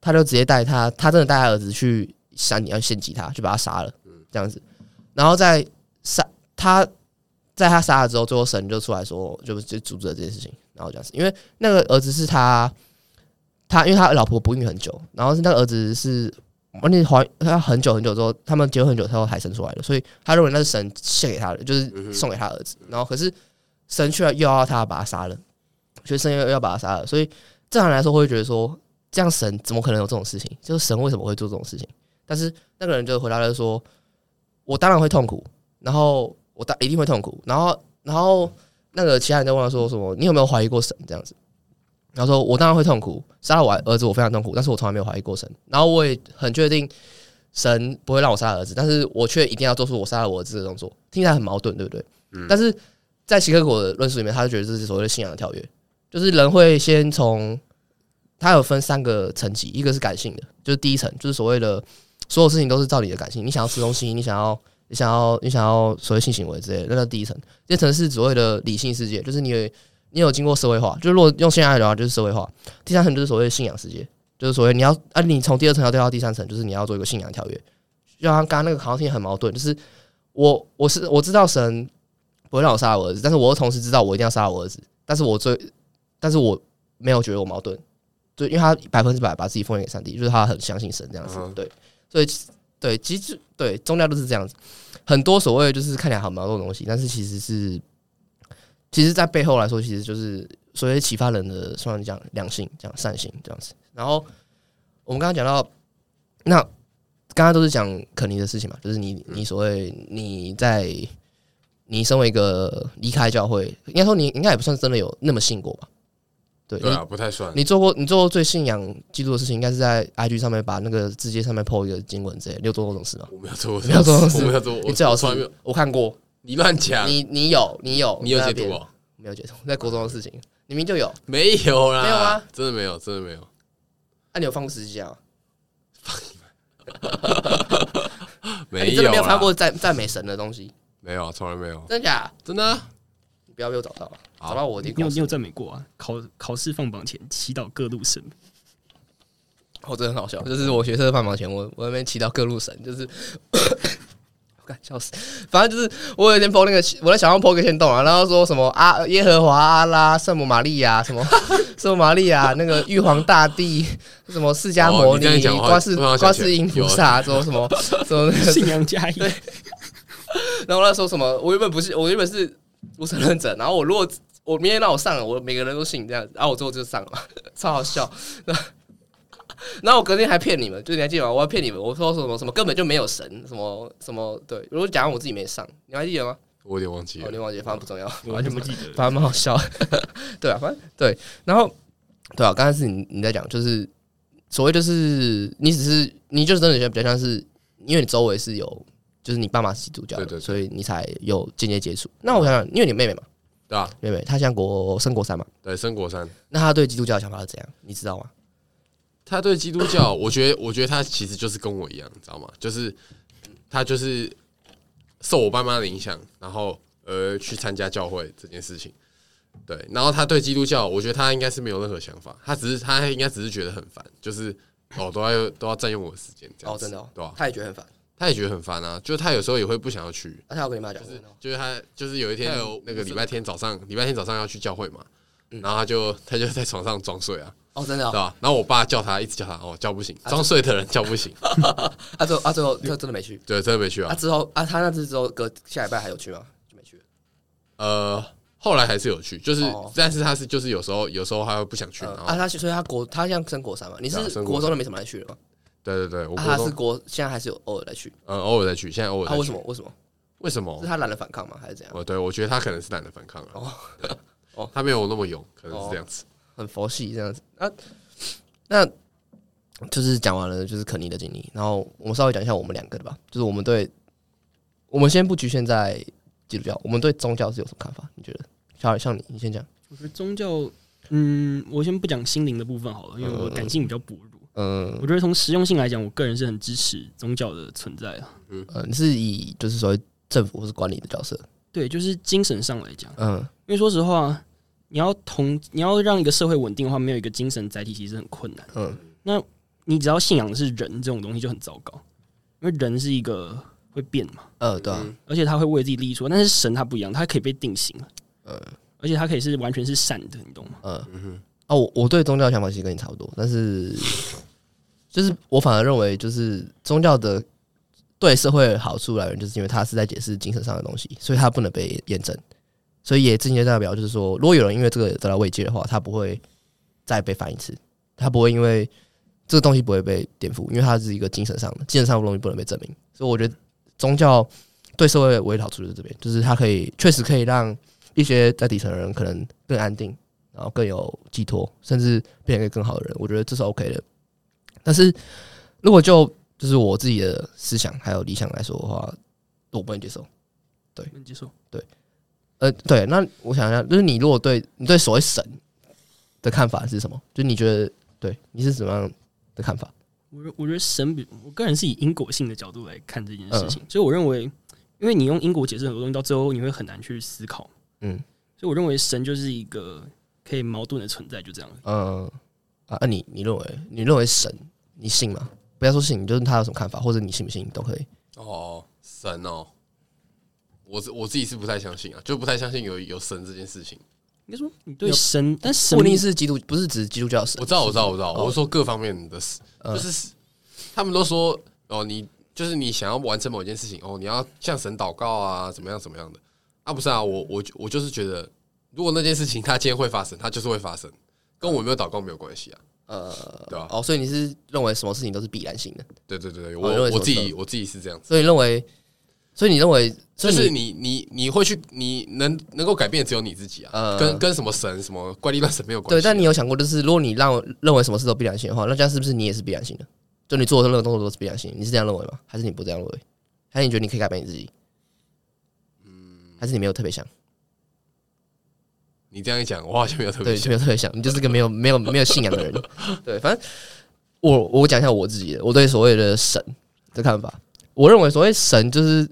他就直接帶他，他真的帶他兒子去山裡，要獻祭他,就把他殺了，這樣子。然後在殺他在他殺了之後,最後神就出來說，就就阻止了這件事情。然後這樣子，因為那個兒子是他他，因為他老婆不孕很久，然後是那個兒子是完全懷他很久很久之後，他們結婚很久之後才生出來的，所以他認為那是神獻給他的，就是送給他的兒子。然後可是。神卻又要他把他殺了，學生又要把他殺了，所以正常來說會覺得說，這樣神怎麼可能有這種事情？就是神為什麼會做這種事情？但是那個人就回答就說，我當然會痛苦，然後我當一定會痛苦，然後然後那個其他人就問他說什麼，你有沒有懷疑過神這樣子？然後說，我當然會痛苦，殺了我兒子我非常痛苦，但是我從來沒有懷疑過神，然後我也很確定神不會讓我殺了兒子，但是我卻一定要做出我殺了我兒子的動作，聽起來很矛盾，對不對？嗯，但是。在齊克果的論述裡面，他就覺得這是所謂的信仰的跳躍，就是人會先從他有分三個層級，一個是感性的，就是第一層，就是所謂的所有事情都是照你的感性，你想要吃東西，你想要你想要你想要，你想要所謂性行為之類，的。那第一層。第二層是所謂的理性世界，就是你你有經過社會化，就是用現代的話就是社會化。第三層就是所謂的信仰世界，就是所謂你要啊，你從第二層要掉到第三層，就是你要做一個信仰跳躍。就像剛剛那個考生也很矛盾，就是我我是我知道神，不會讓我殺我兒子，但是我又同時知道我一定要殺了我兒子，但是我最，但是我沒有覺得我矛盾，就因為他百分之百把自己奉獻給上帝，就是他很相信神這樣子，對，所以對，其實對宗教都是這樣子，很多所謂就是看起來好矛盾的東西，但是其實是，其實，在背後來說，其實就是所謂啟發人的，雖然講良性，講善性這樣子。然後我們剛剛講到，那剛剛都是講肯尼的事情嘛，就是你你所謂你在。你身為一個離開教會，應該說你應該也不算真的有那麼信過吧？對，不太算。你做過你做過最信仰基督的事情，應該是在 IG 上面把那個字節上面 po 一個經文之類，你有做過這種事嗎？我沒有做過，沒有做過，我沒有做，你最好說我看過，你亂講。你你有你有你有解讀，啊？沒有解讀在國中的事情你們就有沒有啊，沒有啊，真的沒有，真的沒有。那你有放過十字架？沒有，你真的沒有發過讚讚美神的東西。沒有，從來沒有。真的假？真的、啊啊你？你不要被我找到了，找到我你你有讚美過啊？考考試放榜前祈禱各路神、喔，真的很好笑。就是我學生放榜前，我我那邊祈禱各路神，就是呵呵，笑死。反正就是我有一天剖那個，我在小號剖個限動啊，然後說什麼阿耶和華阿拉聖母瑪利亞什麼聖母瑪利亞 那個玉皇大帝什麼釋迦牟尼觀世觀世音菩薩說什麼信仰加一。然後他說什麼？我原本不是，我原本是無神論者。然後我如果我明天讓我上了，我每個人都信你這樣子。然後我最後就上了，超好笑。然後 然後我隔天還騙你們，就你還記得嗎？我還騙你們，我說什麼什麼根本就沒有神，什麼什麼對。如果假如我自己沒上，你還記得嗎？我有點忘記、哦、我有點忘記，忘記反正不重要，我完全不記得，反正蠻好笑。 對啊，反正對。然後對啊，剛開始你你在講，就是所謂就是你只是你就是真的覺得比較像是，因為你周圍是有。就是你爸媽是基督教，對,對,對,對所以你才有間接接觸。那我想想，因為你妹妹嘛，對吧、啊？妹妹她像國升國三嘛，對，升國三。那她對基督教的想法是怎樣？你知道嗎？她對基督教，我覺得， 我覺得她其實就是跟我一樣，知道嗎？就是她就是受我爸媽的影響，然後呃，去參加教會這件事情。對，然後她對基督教，我覺得她應該是沒有任何想法，她只是她應該只是覺得很煩，就是哦，都要都要占用我的時間這樣。哦，真的哦，對、啊、她也覺得很煩。他也覺得很煩啊，就是他有時候也會不想要去。那他要跟你爸講。就是他就是有一天有那個禮拜天早上，禮拜天早上要去教會嘛，然後他就他就在床上裝睡啊。哦，真的、哦。對吧、啊？然後我爸叫他，一直叫他，哦，叫不醒。裝、啊、就睡的人叫不醒。啊，最，最後啊，最後他真的沒去。對，真的沒去啊。啊、之後啊，他那次之後隔下禮拜還有去嗎？就沒去。呃，後來還是有去，就是但是他是就是有時候有時候他會不想去啊。啊，他所以他國他現在升國三嘛，你是國中都沒什麼來去了嗎？對對對，我啊、他是國，現在還是有偶爾的去。嗯，偶爾的去，現在偶爾。他為什麼？為什麼？為什麼？什麼是他懶得反抗嗎？還是怎樣？哦、對，我覺得他可能是懶得反抗了、啊。哦， 哦他沒有我那麼勇，可能是這樣子。哦、很佛系這樣子。啊、那那就是講完了，就是肯尼的經歷。然後我們稍微講一下我們兩個的吧。就是我們對，我們先不局限在基督教，我們對宗教是有什麼看法？你覺得？好，像你，你先講。我覺得宗教，嗯，我先不講心靈的部分好了，因為我感性比較薄弱、嗯嗯。嗯，我覺得從實用性來講，我個人是很支持宗教的存在啊。嗯、呃，你是以就是所謂政府或是管理的角色？對，就是精神上來講。嗯，因為說實話，你要同你要讓一個社會穩定的話，沒有一個精神載體，其實很困難。嗯，那你只要信仰的是人這種東西就很糟糕，因為人是一個會變嘛。呃，對。而且他會為自己立說，但是神他不一樣，他可以被定型。呃，嗯、而且他可以是完全是善的，你懂嗎？嗯，哦、嗯啊，我我對宗教想法其實跟你差不多，但是。 就是我反而認為，就是宗教的對社會的好處來源，就是因為它是在解釋精神上的東西，所以它不能被驗證。所以也間接代表，就是說，如果有人因為這個得到慰藉的話，他不會再被反一次，他不會因為這個東西不會被顛覆，因為它是一個精神上的，精神上的東西不能被證明。所以我覺得宗教對社會唯一好處就是這邊，就是它可以確實可以讓一些在底層的人可能更安定，然後更有寄托，甚至變成一個更好的人。我覺得這是 OK 的。但是，如果就就是我自己的思想還有理想來說的話，我不能接受。對，不能接受。對，呃，對。那我想一下，就是你如果對你對所謂神的看法是什麼？就你覺得對你是怎麼樣的看法？我我覺得神比，我個人是以因果性的角度來看這件事情，嗯、所以我認為，因為你用因果解釋很多東西，到最後你會很難去思考。嗯，所以我認為神就是一個可以矛盾的存在，就這樣。嗯啊，啊，你你認為你認為神？你信嗎？不要說信，你就問他有什麼看法，或者你信不信都可以。哦，神哦，我我自己是不太相信啊，就不太相信有有神這件事情。你說你對神，但神，不一定。是基督，不是指基督教神我。我知道，我知道，我知道。哦，我是說各方面的事不，嗯，就是他們都說哦，你就是你想要完成某一件事情，哦，你要向神禱告啊，怎麼樣，怎麼樣的？啊，不是啊，我我我就是覺得，如果那件事情它今天會發生，它就是會發生，跟我沒有禱告沒有關係啊。呃，對、啊、哦，所以你是認為什麼事情都是必然性的？對對對我、哦、認為我自己，我自己是這樣子。所以你認為，所以你認為，所以就是你你你會去，你能能夠改變只有你自己啊？跟、呃、跟什麼神什麼怪力亂神沒有關係。對，但你有想過，就是如果你讓認為什麼事都必然性的話，那這樣是不是你也是必然性的？就你做的任何動作都是必然性，你是這樣認為嗎？還是你不這樣認為？還是你覺得你可以改變你自己？嗯，還是你沒有特別想？你這樣一講，我好像沒有特別對，就沒有特別像，你就是個沒有沒有沒有信仰的人。 對，反正我我講一下我自己的我對所謂的神的看法。我認為所謂神就是，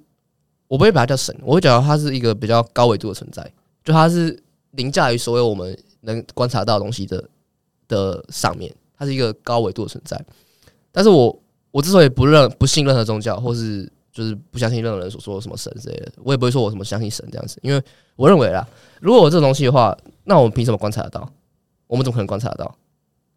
我不會把它叫神，我會講它是一個比較高維度的存在，就它是凌駕於所有我們能觀察到的東西的的上面，它是一個高維度的存在。但是我我之所以不認不信任何宗教或是。就是不相信任何人所說什麼神之類的，我也不會說我什麼相信神這樣子，因為我認為啦，如果我這種東西的話，那我們憑什麼觀察得到？我們怎麼可能觀察得到？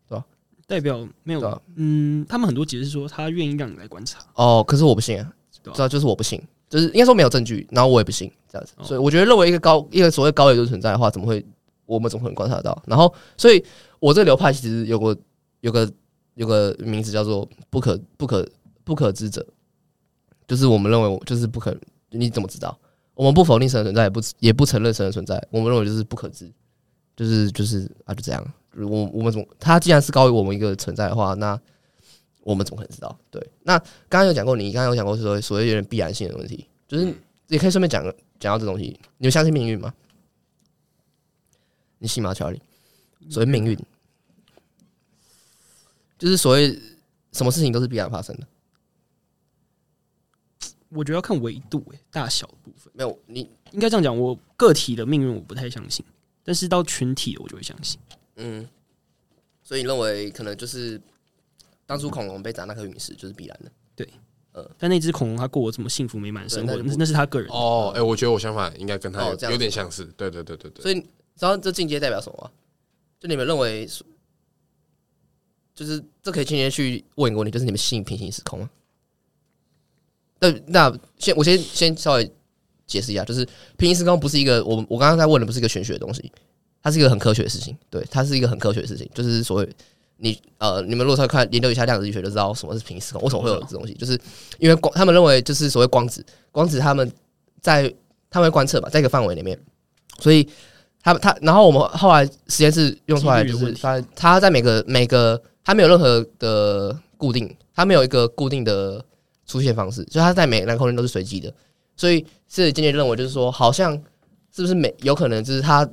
對吧？代表沒有，對啊、嗯，他們很多解釋說他願意讓你來觀察。哦，可是我不信啊，知道就是我不信，就是應該說沒有證據，然後我也不信這樣子。所以我覺得認為一個高一個所謂高維度存在的話，怎麼會我們怎麼可能觀察得到？然後，所以我這流派其實有個有個有個名字叫做不可不可不可知者。就是我們認為，就是不可。你怎麼知道？我們不否定神的存在，也不也不承認神的存在。我們認為就是不可知，就是就是啊，就這樣。我我們怎麼？他既然是高於我們一個存在的話，那我們怎麼可能知道？對。那剛剛有講過，你剛剛有講過說，所謂的必然性的問題，就是你可以順便講講到這東西。你們相信命運嗎？你信嗎，喬麗？所謂命運，就是所謂什麼事情都是必然發生的。我覺得要看維度誒、欸，大小部分沒有。你應該這樣講，我個體的命運我不太相信，但是到群體我就會相信。嗯，所以你認為可能就是當初恐龍被砸那顆隕石就是必然的。對，呃、嗯，但那隻恐龍它過我這麼幸福美滿的生活，那，那是他個人哦。哎對、欸，我覺得我想法應該跟他有點相似。哦、對對對對對。所以，然後這進階代表什麼？就你們認為，就是這可以進階去問過你，就是你們吸引平行時空嗎？那那先我先先稍微解釋一下，就是平行時空不是一個我我剛剛在問的不是一個玄學的東西，它是一個很科學的事情。對，它是一個很科學的事情，就是所謂你呃，你們如果要看研究一下量子力學，就知道什麼是平行時空，為什麼會有這東西，就是因為光他們認為就是所謂光子，光子他們在他們觀測嘛，在一個範圍裡面，所以他他然後我們後來實驗室用出來就是它它在每個每個它沒有任何的固定，它沒有一個固定的。出現方式，就它在每個那個空間都是隨機的，所以是漸漸認為就是說，好像是不是每有可能就是它，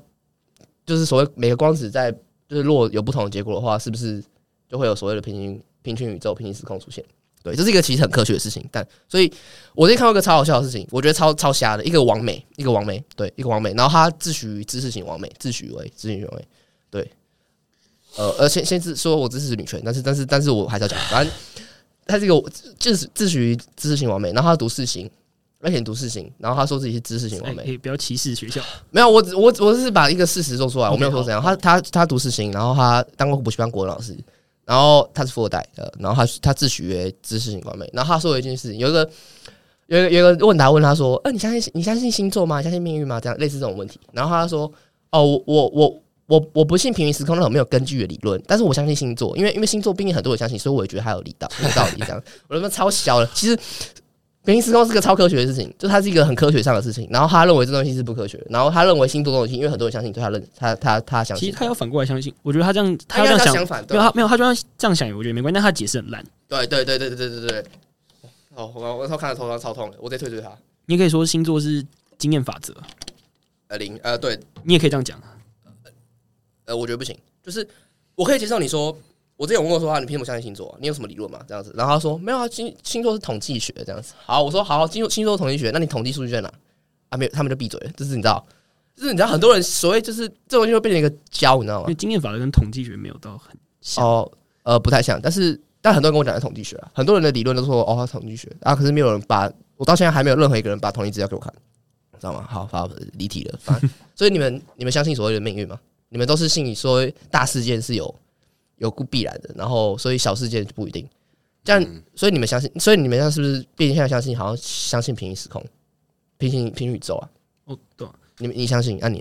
就是所謂每個光子在就是如果有不同的結果的話，是不是就會有所謂的平行平行宇宙平行時空出現？對，這是一個其實很科學的事情。但所以我最近看到一個超好笑的事情，我覺得超超瞎的一個網美，一個網美對，一個網美，然後他自詡知識型網美，自詡為知識型網美，對，呃，而且先是說我支持女權，但是但是但是我還是要講，反正。他這個自自詡知識型完美，然後他讀四星，而且讀四星，然後他說自己是知識型完美，不要歧視學校。沒有，我我我只是把一個事實說出來，我沒有說怎樣。他他他讀四星，然後他當過補習班國文老師，然後他是富二代，呃，然後他他自詡知識型完美，然後他說了一件事情，有一個有一個有一個問答問他說，呃，你相信你相信星座嗎？你相信命運嗎？這樣類似這種問題，然後他說，哦，我我。我我我不信平行時空那種沒有根據的理論，但是我相信星座，因為因為星座畢竟很多人相信，所以我也覺得它有理道有道理這樣。我他媽超小了，其實平行時空是個超科學的事情，就它是一個很科學上的事情。然後他認為這東西是不科學，然後他認為星座的東西，因為很多人相信，所以他認他他他相信。其實他要反過來相信，我覺得他這樣他要這樣想，他想對，沒有他沒有他，他就這樣這樣想，我覺得沒關係，但他解釋很爛。對對對對對對對對。哦，我超看到頭上超痛的，我得推推他。你也可以說星座是經驗法則、呃。呃零呃對，你也可以這樣講。呃，我覺得不行。就是我可以接受你說，我之前我問過說話、啊，你憑什麼相信星座、啊？你有什麼理論嗎？這樣子，然後他說沒有啊，星星座是統計學這樣子。好，我說好，星座星座統計學，那你統計數據在哪？啊，沒有，他們就閉嘴了。這是你知道，這是你知道，很多人所謂就是這種就會變成一個教，你知道嗎？因為經驗法跟統計學沒有到很哦，呃，不太像，但是但很多人跟我講的是統計學、啊、很多人的理論都說哦，他統計學啊，可是沒有人把，我到現在還沒有任何一個人把統計資料給我看，你知道嗎？好，反正離題了， 所以你們你們相信所謂的命運嗎？你們都是信你說大事件是有有必然的，然後所以小事件就不一定，這樣，所以你們相信，所以你們現在是不是變相相信，好像相信平行時空、平行平行宇宙啊？哦，對，你們你相信啊？你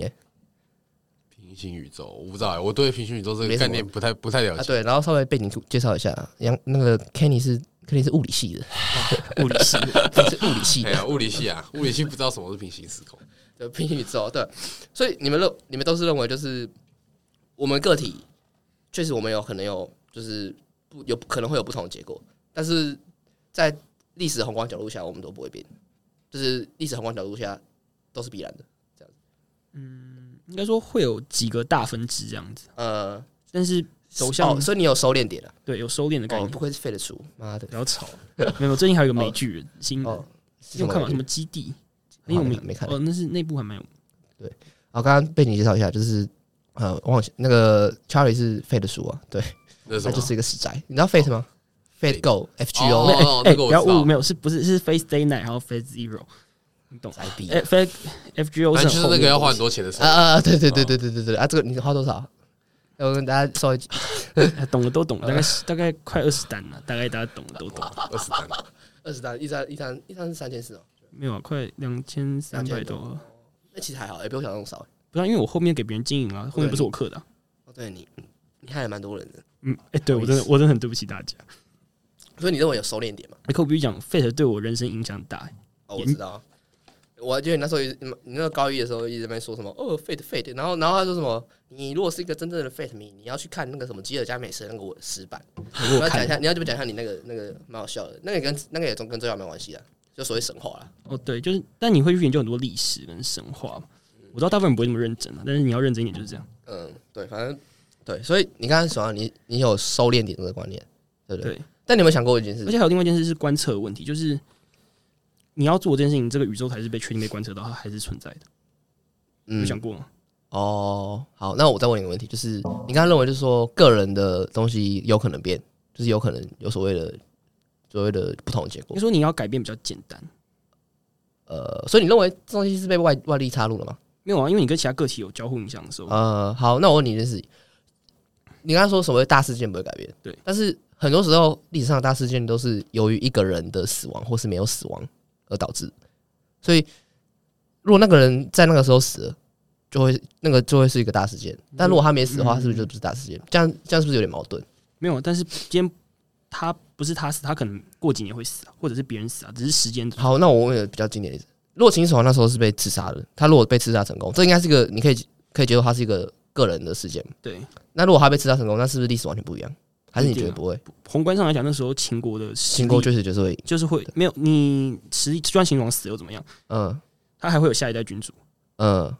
平行宇宙我不知道哎，我對平行宇宙這個概念不太不太了解。對，然後稍微背景介紹一下，楊那個 Kenny 是 Kenny 是物理系的，物理系是物理系啊，物理系啊，物理系不知道什麼是平行時空。就平行宇宙，對，所以你們認你們都是認為就是我們個體，確實我們有可能有就是不有可能會有不同的結果，但是在歷史宏觀角度下，我們都不會變，就是歷史宏觀角度下都是必然的這樣子。嗯，應該說會有幾個大分支這樣子。呃，但是走向、哦，所以你有收斂點了、啊，對，有收斂的概念、哦。不愧是廢的書，媽的，不要吵。 沒有，最近還有一個美劇，新的，你有看嗎？什麼基地？沒有，沒看哦，那是內部還沒有。對，好，剛剛背景介紹一下，就是呃，我忘記那個查理是 Fate 的書啊，對，是啊，就是一個死宅。你知道 Fate 嗎、哦？Fate Go FGO，哎不要誤，沒有，是不是是 Fate Stay Night，然後 Fate Zero，你懂 ID、欸？F G FGO 就是那個要花很多錢的書啊啊！對對對對對對對啊！這個你花多少？欸、我跟大家說一句、 啊，懂的都懂，大概大概快二十單了，大概大家懂的都懂，二十單，二十 單，一單一單一單是三千四哦。沒有啊，快兩千三百多。啊，那其實還好，也比我想象少。不，少，欸、不是、啊、因為我後面給別人經營啊，對後面不是我刻的、啊。哦，對你，你還蠻多人的。嗯、欸、對我真的，我真的很對不起大家。所以你認為有收斂點嗎？可不可以講 Fate 對我人生影響大、欸？哦，我知道。也我還記得你那時候，你你那個高一的時候，一直在說什麼哦，Fate Fate，然後然後他說什麼，你如果是一個真正的 Fate 迷，你要去看那個什麼吉爾伽美什那個我失敗。你要講一下， 你要這麼講一下你那個那個蠻好笑的，那個跟那個也總跟跟周堯蠻關係的。就所謂神話了哦，對，就是，但你會去研究很多歷史跟神話嘛？我知道大部分人不會那麼認真嘛，但是你要認真一點，就是這樣。嗯，對，反正對，所以你剛剛說你你有收斂點這個觀念，對對？對。對但你有沒有想過一件事？而且還有另外一件事是觀測問題，就是你要做這件事情，這個宇宙才是被確定被觀測到，它還是存在的。嗯，有沒有想過嗎？哦，好，那我再問一個問題，就是你剛剛認為就是說個人的東西有可能變，就是有可能有所謂的。所謂的不同的結果，你說你要改變比較簡單，呃，所以你認為這東西是被外外力插入了嗎？沒有啊，因為你跟其他個體有交互影響，是吧？呃，好，那我問你一件事情，你剛才說所謂大事件不會改變，對，但是很多時候歷史上的大事件都是由於一個人的死亡或是沒有死亡而導致，所以如果那個人在那個時候死了，就會那個就會是一個大事件，但如果他沒死的話，是不是就不是大事件？嗯，這樣這樣是不是有點矛盾？沒有，但是今天。他不是他死，他可能過幾年會死啊，或者是別人死啊，只是時間。好，那我問個比較經典例子，如果秦始皇那時候是被刺殺的，他如果被刺殺成功，這應該是一個你可以可以接受他是一個個人的事件。對，那如果他被刺殺成功，那是不是歷史完全不一樣？還是你覺得不會？啊、不宏觀上來講，那時候秦國的秦國確實就是會就是會沒有你實，就算秦始皇死又怎麼樣？嗯，他還會有下一代君主。嗯，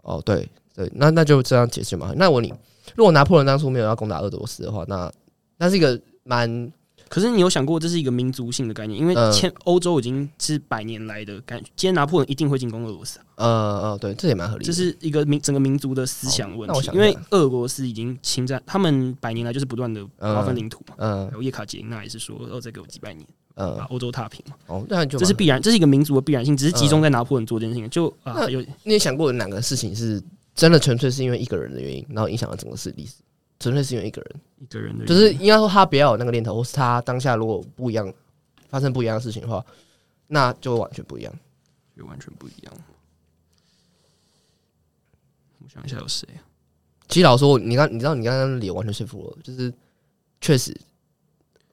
哦，對對，那那就這樣解釋嘛。那我你，如果拿破崙當初沒有要攻打俄羅斯的話，那那這個。蠻，蠻 可是你有想過這是一個民族性的概念？因為千歐洲已經是百年來的感覺，今天拿破崙一定會進攻俄羅斯。啊。嗯嗯、呃哦，對，這也蠻合理。這是一個民整個民族的思想問題，哦、因為俄羅斯已經侵佔，他們百年來就是不斷的劃分領土嘛。嗯、呃，葉卡捷琳娜也是說，然、哦、後再給我幾百年，嗯、呃，把歐洲踏平嘛。哦，那這，這是必然，這是一個民族的必然性，只是集中在拿破崙做這件事情。哦、就啊，有你也想過，兩個事情是真的，純粹是因為一個人的原因，然後影響了整個世界歷史。純粹是因為一個人，一個人就是應該說他不要有那個念頭，或是他當下如果不一樣，發生不一樣的事情的話，那就完全不一樣，就完全不一樣。我想一下有誰？其實老實說你剛，你知道你剛剛的理由完全說服我。」就是確實，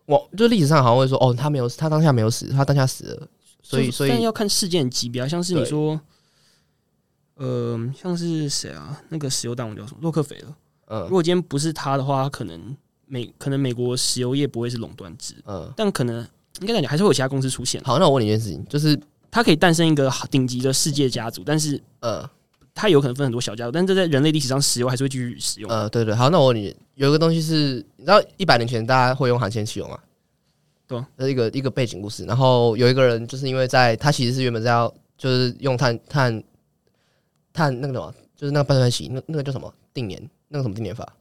我就是歷史上好像會說哦，他沒有，他當下沒有死，他當下死了，所以所以但要看事件級別，像是你說，嗯，像是誰啊？那個石油大王叫什麼？洛克菲勒。嗯，如果今天不是他的話，可能美可能美國石油業不會是壟斷制。嗯，但可能應該感覺還是會有其他公司出現。好，那我問你一件事情，就是它可以誕生一個好頂級的世界家族，但是呃，它、嗯、有可能分很多小家族，但是這在人類歷史上，石油還是會繼續使用。嗯，對對。好，那我問你，有一個東西是，你知道一百年前大家會用含鉛汽油嗎？對嗎，那一個一個背景故事。然後有一個人，就是因為在他其實是原本是要就是用碳碳碳那個什麼，就是那個半衰期，那那個叫什麼定年。那個什麼定年法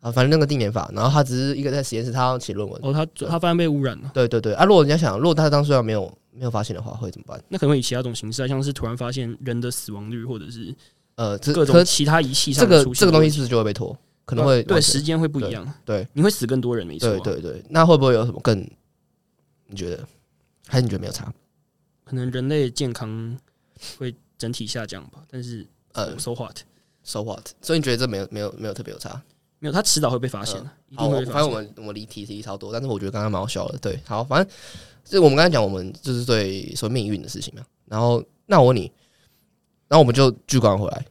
啊，反正那個定年法，然後他只是一個在實驗室，他要寫論文。哦，他他發現被污染了，啊。對對對啊！如果你要想，如果他當時沒有沒有發現的話，會怎麼辦？那可能會以其他種形式啊，像是突然發現人的死亡率，或者是呃各種其他儀器上的的這個這個東西是不是就會被拖？可能會，啊，對時間會不一樣。對，對你會死更多人沒，啊，沒錯。對對，那會不會有什麼更？你覺得？還是你覺得沒有差？可能人類的健康會整體下降吧，但是 so 呃，so what？So what？所以你覺得這沒有沒有沒有特別有差？沒有，沒有有沒有他遲早會被發現的。嗯、好,好，我反正我們離題離超多，但是我覺得剛剛蠻好笑的。對，好，反正這我們剛才講我們就是對說命運的事情嘛。然後那我問你，然後我們就聚光回來，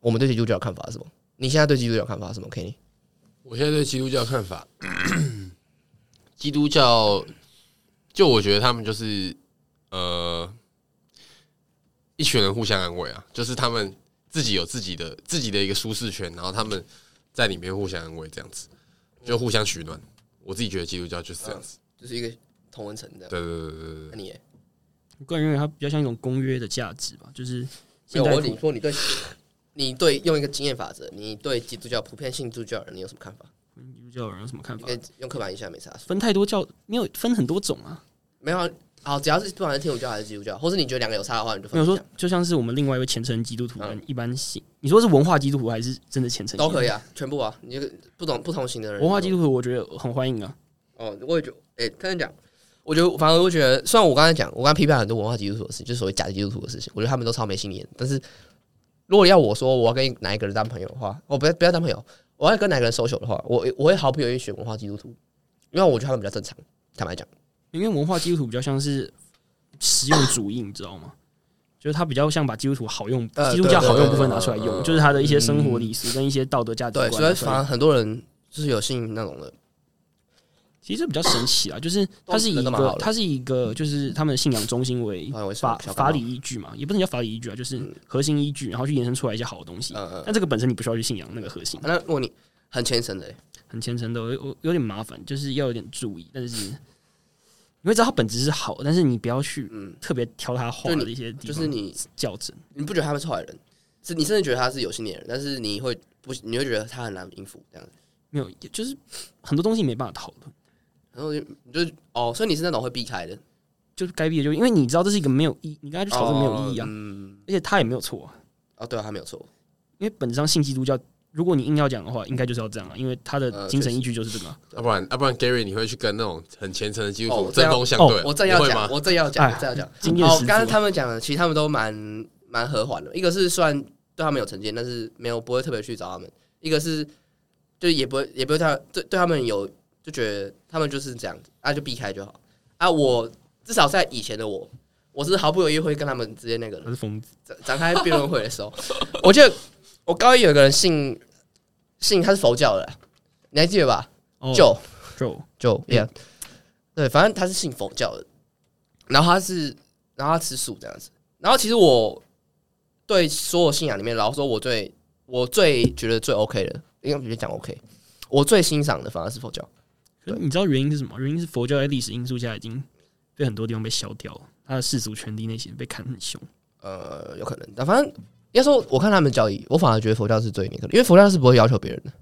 我們對基督教看法是什麼？你現在對基督教看法是什麼 Kenny 我現在對基督教看法咳咳，基督教就我覺得他們就是呃一群人互相安慰啊，就是他們。自己有自己的自己的一個舒適圈，然後他們在裡面互相安慰，這樣子就互相取暖。我自己覺得基督教就是這樣子，啊、就是一個同溫層的。對對對對、啊、你個人認為它比較像一種公約的價值吧？就是有、欸、我，你說你對，你對用一個經驗法則，你對基督教普遍性，助教人你有什麼看法？基督教人有什麼看法？用刻板印象沒啥，分太多教，你有分很多種啊？沒法。好，只要是不管是天主教還是基督教，或者你覺得兩個有差的話，你就分沒有說，就像是我們另外一位虔誠基督徒一般型。嗯、你說是文化基督徒還是真的虔誠都可以啊，全部啊，你不懂不同型的人，文化基督徒我覺得很歡迎啊。哦，我也覺誒，哎、欸，剛講，我覺得反而我覺得，雖然我剛才講，我剛批判很多文化基督徒的事情，就是所謂假基督徒的事情，我覺得他們都超沒信念。但是，如果要我說我要跟哪一個人當朋友的話，我、哦、不要不要當朋友，我要跟哪個人 social 的話，我我會毫不猶豫選文化基督徒，因為我覺得他們比較正常。坦白講。因為文化基督徒比較像是實用主義，你知道嗎？ 就是他比較像把基督徒好用、基督教好用部分拿出來用，就是他的一些生活歷史跟一些道德價值觀。 對，所以反而很多人就是有信那種的。其實比較神奇啊，就是它是以一個，那個、它是一個，就是他們的信仰中心為法為法理依據嘛，也不能叫法理依據啊，就是核心依據，然後去延伸出來一些好的東西。嗯嗯。但這個本身你不需要去信仰那個核心。啊、那如果你很虔誠的、欸、的，很虔誠的，我我有點麻煩，就是要有點注意，但是。因為知道他本質是好，但是你不要去嗯特別挑他話的、嗯、就，就是你較真，正你不覺得他們是壞人，嗯、是，你甚至覺得他是有心的人，但是你會不，你會覺得他很難應付這樣子。沒有，就是很多東西沒辦法討論，然後就就哦，所以你是那種會避開的，就是該避的就，因為你知道這是一個沒有意義，你跟他去討論沒有意義啊，哦嗯、而且他也沒有錯啊，啊、哦、對啊，他沒有錯，因為本質上信基督教。如果你硬要講的話，應該就是要這樣啊，因為他的精神依據就是這個、啊。要、呃 okay, 啊、不然，要、啊、不然 Gary，你會去跟那種很虔誠的基督徒針鋒相對、啊？哦、我正要講，我正要講，正唉要講。哦，剛剛他們講的，其實他們都蠻蠻和緩的。一個是雖然對他們有成見，但是沒有不會特別去找他們，一個是就也不會，也不會太對他對，對他們有，就覺得他們就是這樣子啊，就避開就好啊。我。我至少在以前的我，我是毫不猶豫會跟他們直接那個是展開辯論會的時候， 我就。我高一有一個人信信他是佛教的。你還記得吧？就就就 yeah 對，反正他是信佛教的，然後他是然後他吃素這樣子。然後其實我對所有信仰裡面，然後說，我最我最覺得最 OK 的，應該直接講 OK。我最欣賞的反而是佛教。可你知道原因是什麼？原因是佛教在歷史因素下已經被很多地方被消掉了，他的世俗權力那些人被砍很兇。呃，有可能，但反正。要說我看他們的教義，我反而覺得佛教是最那個，因為佛教是不會要求別人的，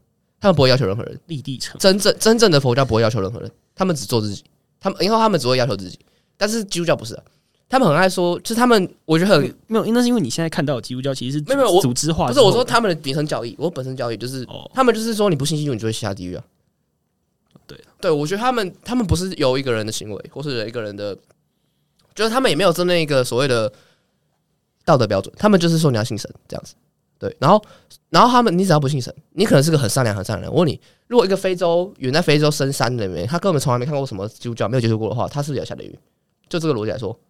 他們不會要求任何人立地成佛。真正真正的佛教不會要求任何人，他們只做自己，他們因為他們只會要求自己。但是基督教不是、啊，他們很愛說，就是、他們我覺得很、嗯、沒有，那是因為你現在看到基督教其實是沒有組織化。不是我說他們的底層教義，我本身教義就是，哦、他們就是說你不信基督，你就會下地獄啊。對，啊對，對我覺得他們他們不是有一個人的行為，或是有一個人的，就是他們也沒有真正一個所謂的。道德標準，他們就是說你要信神這樣子，對。然後，然後他們，你只要不信神，你可能是個很善良很善良，我問你，如果一個非洲遠在非洲深山的人，他根本從來沒看過什麼基督教，沒有接觸過的話，他是不是要下地獄？就這個邏輯來說，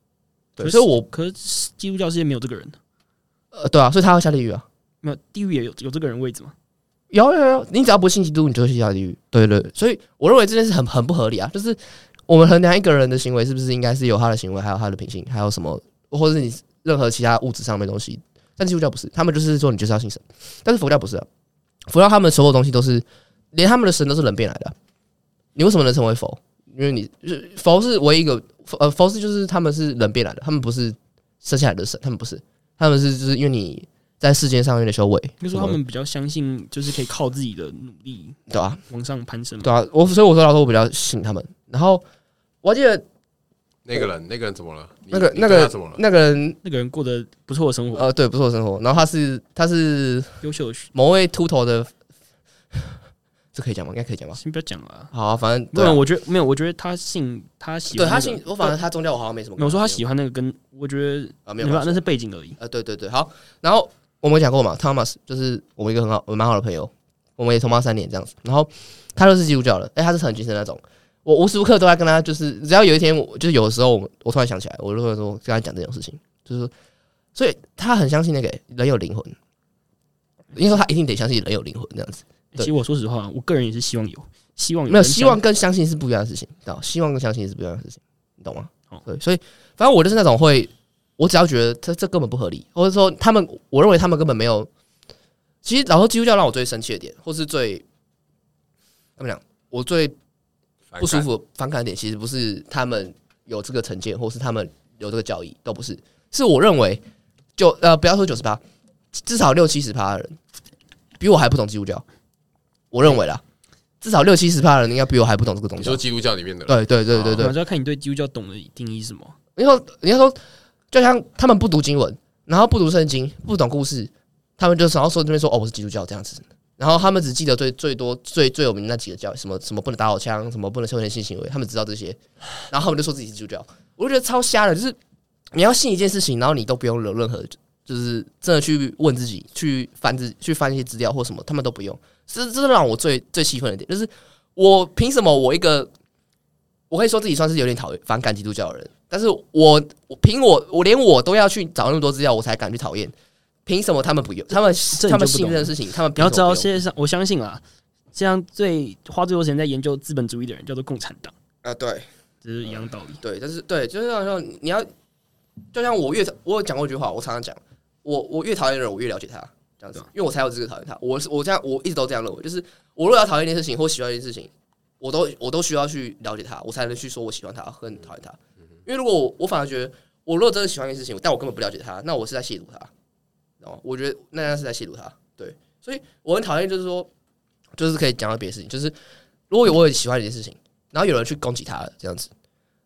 對。是所以我可是基督教世界沒有這個人，呃，對啊，所以他要下地獄啊？那地獄也有有這個人位置嗎？有有有，你只要不信基督，你就會去下地獄。對對，所以我認為這件事很很不合理啊！就是我們衡量一個人的行為是不是應該是有他的行為，還有他的品性，還有什麼，或者是你。任何其他物質上面的東西，但基督教不是，他們就是說你就是要信神，但是佛教不是，啊，佛教他們所有東西都是，連他們的神都是人變來的，啊。你為什麼能成為佛？因為你佛是唯一一個佛，呃，佛是就是他們是人變來的，他們不是生下來的神，他們不是，他們是就是因為你在世間上有點修為。就是說他們比較相信，就是可以靠自己的努力，對吧？往上攀升。對啊，對啊，我所以我說老實，我比較信他們。然後我記得。那個人，那個人怎麼了？那個、那個怎麼了？那個人，那個人過得不錯的生活。呃，對，不錯的生活。然後他是，他是優秀某位禿頭的， 這可以講嗎？應該可以講吧。先不要講了。好、啊，反正對、啊、沒有，我覺得沒有，我覺得他信他喜歡、那個，對他信我，反正他宗教我好像沒什麼。呃、我說他喜歡那個跟，跟我覺得啊沒有，那是背景而已。啊、呃，對對對，好。然後我們講過嘛，Thomas 就是我們一個很好、蠻好的朋友，我們也同班三年這樣子。然後他就是基督教的，哎、欸，他是很精神的那種。我無時無刻都在跟他，就是只要有一天，我就是有的時候，我突然想起來，我就會說跟他講這種事情，就是說所以他很相信那個人有靈魂，因為說他一定得相信人有靈魂這樣子。其實我說實話，我個人也是希望有，希望有沒有，希望跟相信是不一樣的事情，知道？希望跟相信是不一樣的事情，你懂嗎？哦、對，所以反正我就是那種會，我只要覺得他這根本不合理，或者說他們，我認為他們根本沒有。其實，然後基督教讓我最生氣的點，或是最他們講我最。反不舒服，反感點其實不是他們有這個成見，或是他們有這個教義，都不是。是我認為，就呃，不要說九十八，至少六七十趴的人，比我還不懂基督教。我認為啦，至少六七十趴的人應該比我還不懂這個東西。你就基督教裡面的，對對對對對。我就、哦、要看你對基督教懂的定義是什麼。你說，你要說，就像他們不讀經文，然後不讀聖經，不懂故事，他們就是要說這邊說哦，我是基督教這樣子。然後他們只記得最最多最最有名的那幾個，教什麼什麼不能打手槍，什麼不能抽菸、性行為，他們知道這些，然後他們就說自己是基督教，我就覺得超瞎的。就是你要信一件事情，然後你都不用惹任何，就是真的去問自己，去翻自，去翻一些資料或什麼，他們都不用。這這是讓我最最氣憤的點，就是我憑什麼我一個，我可以說自己算是有點討厭反感基督教的人，但是我我憑我我連我都要去找那麼多資料，我才敢去討厭。憑什麼他們不用？他們他們信任的事情，他們不要知道。世界上，我相信啊，這樣最花最多時間在研究資本主義的人叫做共產黨啊、呃。對，這是一樣道理。嗯、對，但是對，就是說你要，就像我越我有講過一句話，我常常講，我我越討厭的人，我越了解他，這樣子。對因為我才有資格討厭他。我是我這樣，我一直都這樣認為。就是我如果要討厭一件事情，或喜歡一件事情，我都我都需要去了解他，我才能去說我喜歡他，很討厭他。因為如果我反而覺得，我如果真的喜歡一件事情，但我根本不了解他，那我是在褻瀆他。哦，我覺得那樣是在褻瀆他。對，所以我很討厭，就是說，就是可以講到別的事情。就是如果有我很喜歡的一件事情，然後有人去攻擊他，這樣子，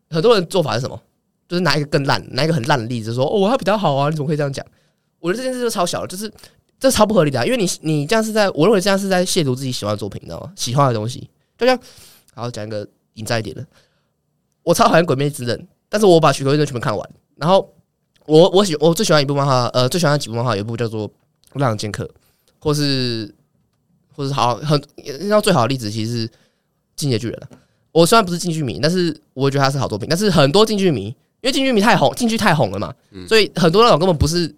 很多人做法是什麼？就是拿一個更爛、拿一個很爛的例子就說，哦，他比較好啊，你怎麼可以這樣講？我覺得這件事就超小，就是這超不合理的啊。因為你你這樣是在，我認為這樣是在褻瀆自己喜歡的作品，你知道嗎？喜歡的東西，就像，好講一個引戰一點的，我超討厭《鬼滅之刃》，但是我把許多人都全部看完，然後。我我喜我最喜歡一部漫畫，呃，最喜歡幾部漫畫，有一部叫做《浪劍客》，或是，或是好很，要最好的例子其實是《進擊的巨人》了。我雖然不是進巨迷，但是我覺得它是好作品。但是很多進巨迷，因為進巨迷太紅，進巨太紅了嘛，嗯、所以很多那種根本不是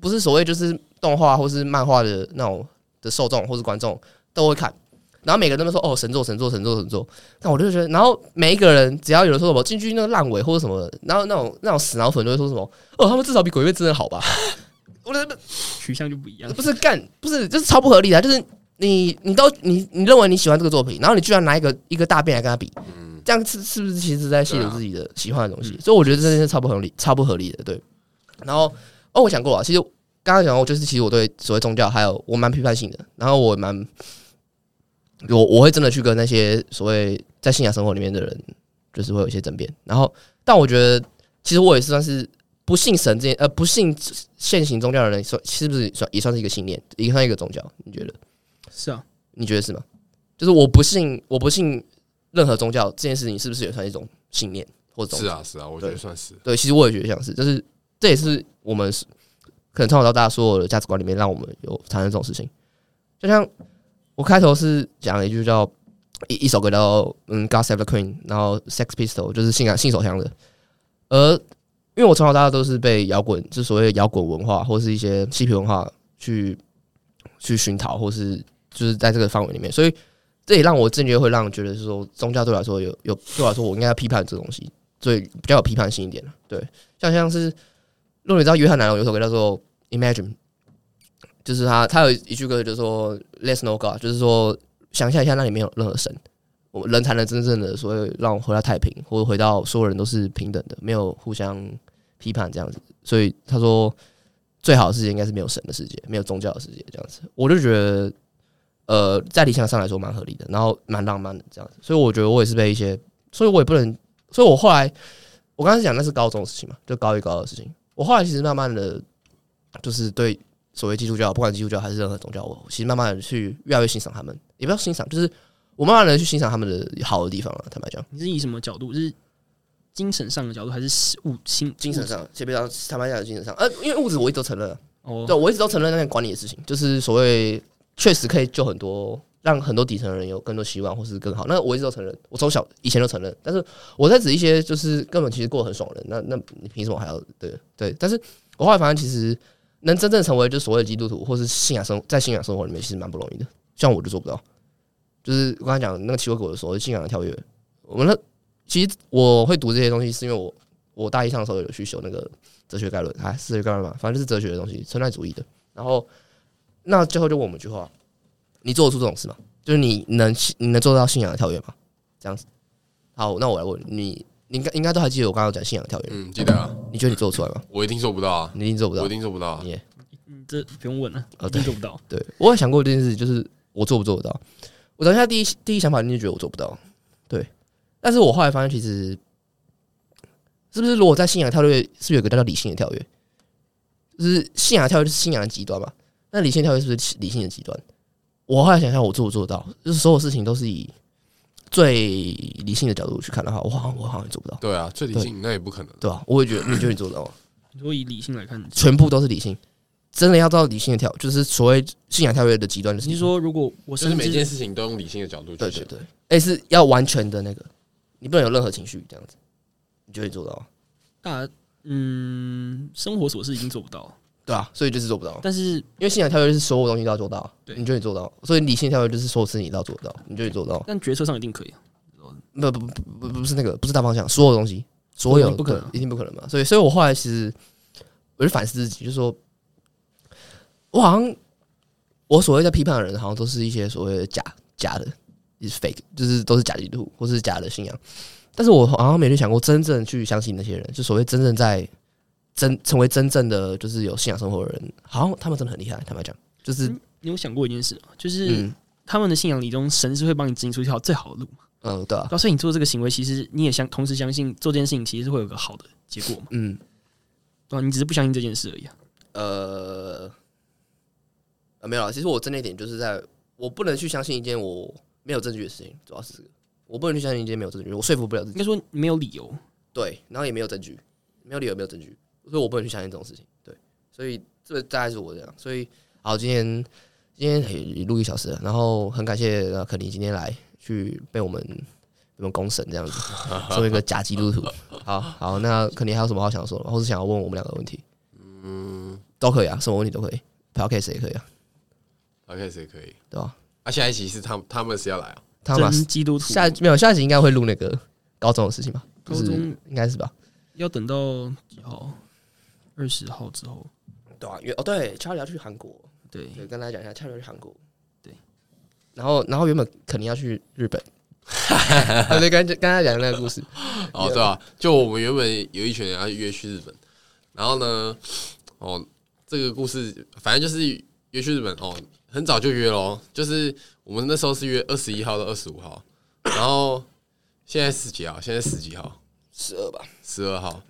不是所謂就是動畫或是漫畫的那種的受眾或是觀眾都會看。然後每個人都說哦，神作神作神作神作，那我就覺得，然後每一個人只要有人說什麼進去那個爛尾或者什麼，然後那種那種死腦粉就會說什麼哦，他們至少比鬼滅之刃好吧，我覺得那取向就不一樣，不是幹不是就是超不合理的。就是你你都你你認為你喜歡這個作品，然後你居然拿一個一個大便來跟他比，這樣是是不是其實在褻瀆自己的喜歡的東西？嗯、所以我覺得真的是超不合理，超不合理的對。然後哦，我講過了，其實剛剛講我就是其實我對所謂宗教還有我蠻批判性的，然後我蠻。我我會真的去跟那些所謂在信仰生活裡面的人，就是會有一些爭辯。然後，但我覺得其實我也是算是不信神這件，呃，不信現行宗教的人，算是不是算也算是一個信念，也算一個宗教？你覺得是啊？你覺得是嗎？就是我不信，我不信任何宗教這件事情，是不是也算一種信念？或者？是啊，是啊，我覺得算是對。對，其實我也覺得像是，就是這也是我們可能從小到大所有的價值觀裡面，讓我們有產生這種事情，就像。我開頭是講了一句叫一一首歌叫做嗯，God Save The Queen，然後 Sex Pistol 就是性感性手槍的。而因為我從小到大都是被搖滾，就所謂搖滾文化或是一些嬉皮文化去去熏陶，或是就是在這個範圍裡面，所以這也讓我直接會讓覺得就是說宗教對我來說有有對我來說我應該要批判這東西，所以比較有批判性一點的。對，像像是，如果你知道約翰藍儂，我有一首歌叫做 Imagine。就是他，他有一句歌，就說 “Let's no God”，就是說想象一下，那裡沒有任何神，我們人才能真正的，所以讓我回到太平，或者回到所有人都是平等的，沒有互相批判這樣子。所以他說，最好的世界應該是沒有神的世界，沒有宗教的世界這樣子。我就覺得，呃，在理想上來說蠻合理的，然後蠻浪漫的這樣子。所以我覺得我也是被一些，所以我也不能，所以我後來，我剛才講那是高中的事情嘛，就高一高二的事情。我後來其實慢慢的，就是對。所謂基督教，不管基督教還是任何宗教，我其實慢慢的去越來越欣賞他們，也不要欣賞，就是我慢慢的去欣賞他們的好的地方了。啊，坦白講，你是以什麼角度？是精神上的角度，還是物心精神上？其實非常坦白講精神上，呃、啊，因為物質我一直都承認，對、哦、我一直都承認那個管理的事情，就是所謂確實可以救很多，讓很多底層人有更多希望或是更好。那我一直都承認，我從小以前都承認，但是我在指一些就是根本其實過得很爽的人，那那你憑什麼還要對對？但是我後來發現其實。能真正成為就所謂的基督徒，或是信仰生在信仰生活裡面，其實蠻不容易的。像我就做不到，就是我剛才講那個齊克果的時候，信仰的跳躍。我們那其實我會讀這些東西，是因為我我大一上的時候有去學那個哲學概論，還是概論嘛，反正就是哲學的東西，存在主義的。然後那最後就問我們一句話：你做得出這種事嗎？就是你能你能做到信仰的跳躍嗎？這樣子。好，那我來問你。應該應該都還記得我剛剛講信仰的跳躍。嗯，記得啊。你覺得你做得出來嗎、嗯？啊、來嗎一我一定做不到啊，你一定做不到，我一定做不到。你，這不用問了，我一定做不到、oh, 對。對，我也想過這件事，就是我做不做得到。我等一下第一第一想法，你就覺得我做不到。對，但是我後來發現，其實是不是如果在信仰跳躍是不是有個個叫理性的跳躍，就是信仰跳躍是信仰的極端吧。那理性跳躍是不是理性的極端？我後來想想，我做不做得到？就是所有事情都是以。最理性的角度去看的話，哇，我好像做不到。對啊，最理性對那也不可能。對啊，我也覺得， 你就會做到？如果以理性來看，全部都是理性，真的要照理性的跳，就是所謂信仰跳躍的極端的事情。你說如果我是，是每件事情都用理性的角度去想，對對對，哎，是要完全的那個，你不能有任何情緒，這樣子，你就會做到？啊、嗯，嗯，生活瑣事已經做不到。 對啊，所以就是做不到。但是因為信仰跳躍，就是所有東西都要做到。對，你就可以做到。所以理性跳躍就是所有事情你都要做到。你就可以做到。但決策上一定可以、啊。不不不不不是那個，不是大方向，所有東西，所有都不可能、啊，一定不可能嘛。所以，所以我後來其實我就反思自己，就是說，我好像我所謂在批判的人，好像都是一些所謂的假假的，是 fake，就是都是假基督，或是假的信仰。但是我好像沒去想過真正去相信那些人，就所謂真正在。真成為真正的就是有信仰生活的人，好，他們真的很厲害。坦白講就是、嗯，你有想過一件事嗎？就是、嗯、他們的信仰裡中，神是會幫你指引出一條最好的路。嗯，對、啊。告訴、啊、你做這個行為，其實你也相同時相信做這件事情其實是會有個好的結果。嗯，對、啊。你只是不相信這件事而已、啊、呃。呃，沒有，其實我真的一點就是在，我不能去相信一件我沒有證據的事情，主要是我不能去相信一件沒有證據，我說服不了自己。應該說沒有理由，對，然後也沒有證據，沒有理由，沒有證據。所以我不能去相信這種事情，對，所以這大概是我這樣。所以，好，今天今天也錄一小時了，然後很感謝肯尼今天來去被我們我們公審這樣子，做一個假基督徒。好好，那肯尼還有什麼話想說，或是想要問我們兩個問題？嗯，都可以啊，什麼問題都可以，Poke 誰也可以，Poke 啊誰也、okay, 可以，對吧？啊，下一、啊、集是他們他們誰要來啊，Thomas, 真基督徒。下沒有下一集應該會錄那個高中的事情吧？高中應該是吧？要等到幾號？二十號之後，對啊，原哦對 c h 要去韓國，對，對，跟大家講一下查理去韓國，對，然後然後原本肯定要去日本，那就剛才剛才講的那個故事， 哦對啊了，對了就我們原本有一群人要約去日本，然後呢，哦，這個故事反正就是約去日本哦，很早就約咯，就是我們那時候是約二十一號到二十五號，然後現在十幾號，現在十幾號，十二吧，十二號。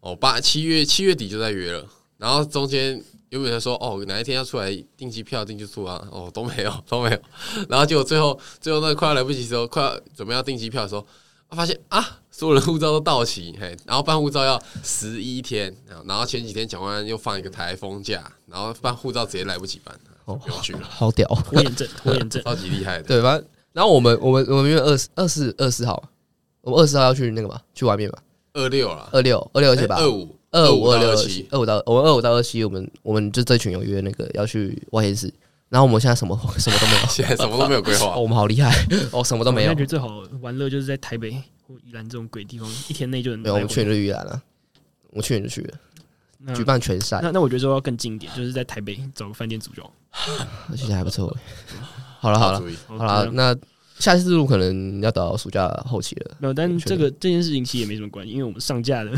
哦，八七月七月底就在約了，然後中間有沒有人說哦哪一天要出來訂機票訂住宿啊？哦都沒有都沒有，然後結果最後最後那快要來不及的時候，快要準備要訂機票的時候，發現啊，所有人護照都到期，嘿，然後辦護照要十一天，然後前幾天講完又放一個台風假，然後辦護照直接來不及辦，不要去了。哦哦，好屌，拖延症，拖延超級厲害的。 害的對吧，然後我們我們我們約二十二十二十號，我們二十號要去那個嘛，去外面嘛。二六啊，二六，二六而且吧，二五，二五，二六，二七，二五到我們二五到二七，我們我們就這群有約那個要去外縣市，然後我們現在什麼什麼都沒有，現在什麼都沒有規劃，我們好厲害哦，什麼都沒有。我覺得最好玩樂就是在台北或宜蘭這種鬼地方，一天內就能。沒有，我們去年就宜蘭了，我們去年就去了，舉辦全賽。那那我覺得說要更經典，就是在台北找個飯店組裝，其實還不錯。好了好了好了，那。下一次錄可能要到暑假後期了。沒有，但這個這件事情其實也沒什麼關係， 因為我們上架了。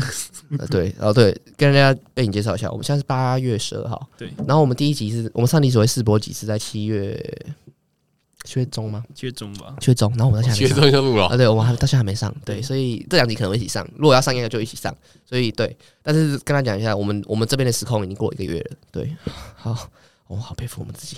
呃、對，然後對，跟大家背景、欸、介紹一下，我們現在是八月十二號，對。然後我們第一集是我們上集所謂試播集是在七月，七月中嗎？七月中吧，七月中。然後我們到下，七、哦、月中上。錄了。啊、呃，對，我們到現在還沒上，對，對所以這兩集可能一起上。如果要上應該就一起上，所以對。但是跟他講一下，我們我們這邊的時空已經過一個月了，對。好，我們好佩服我們自己。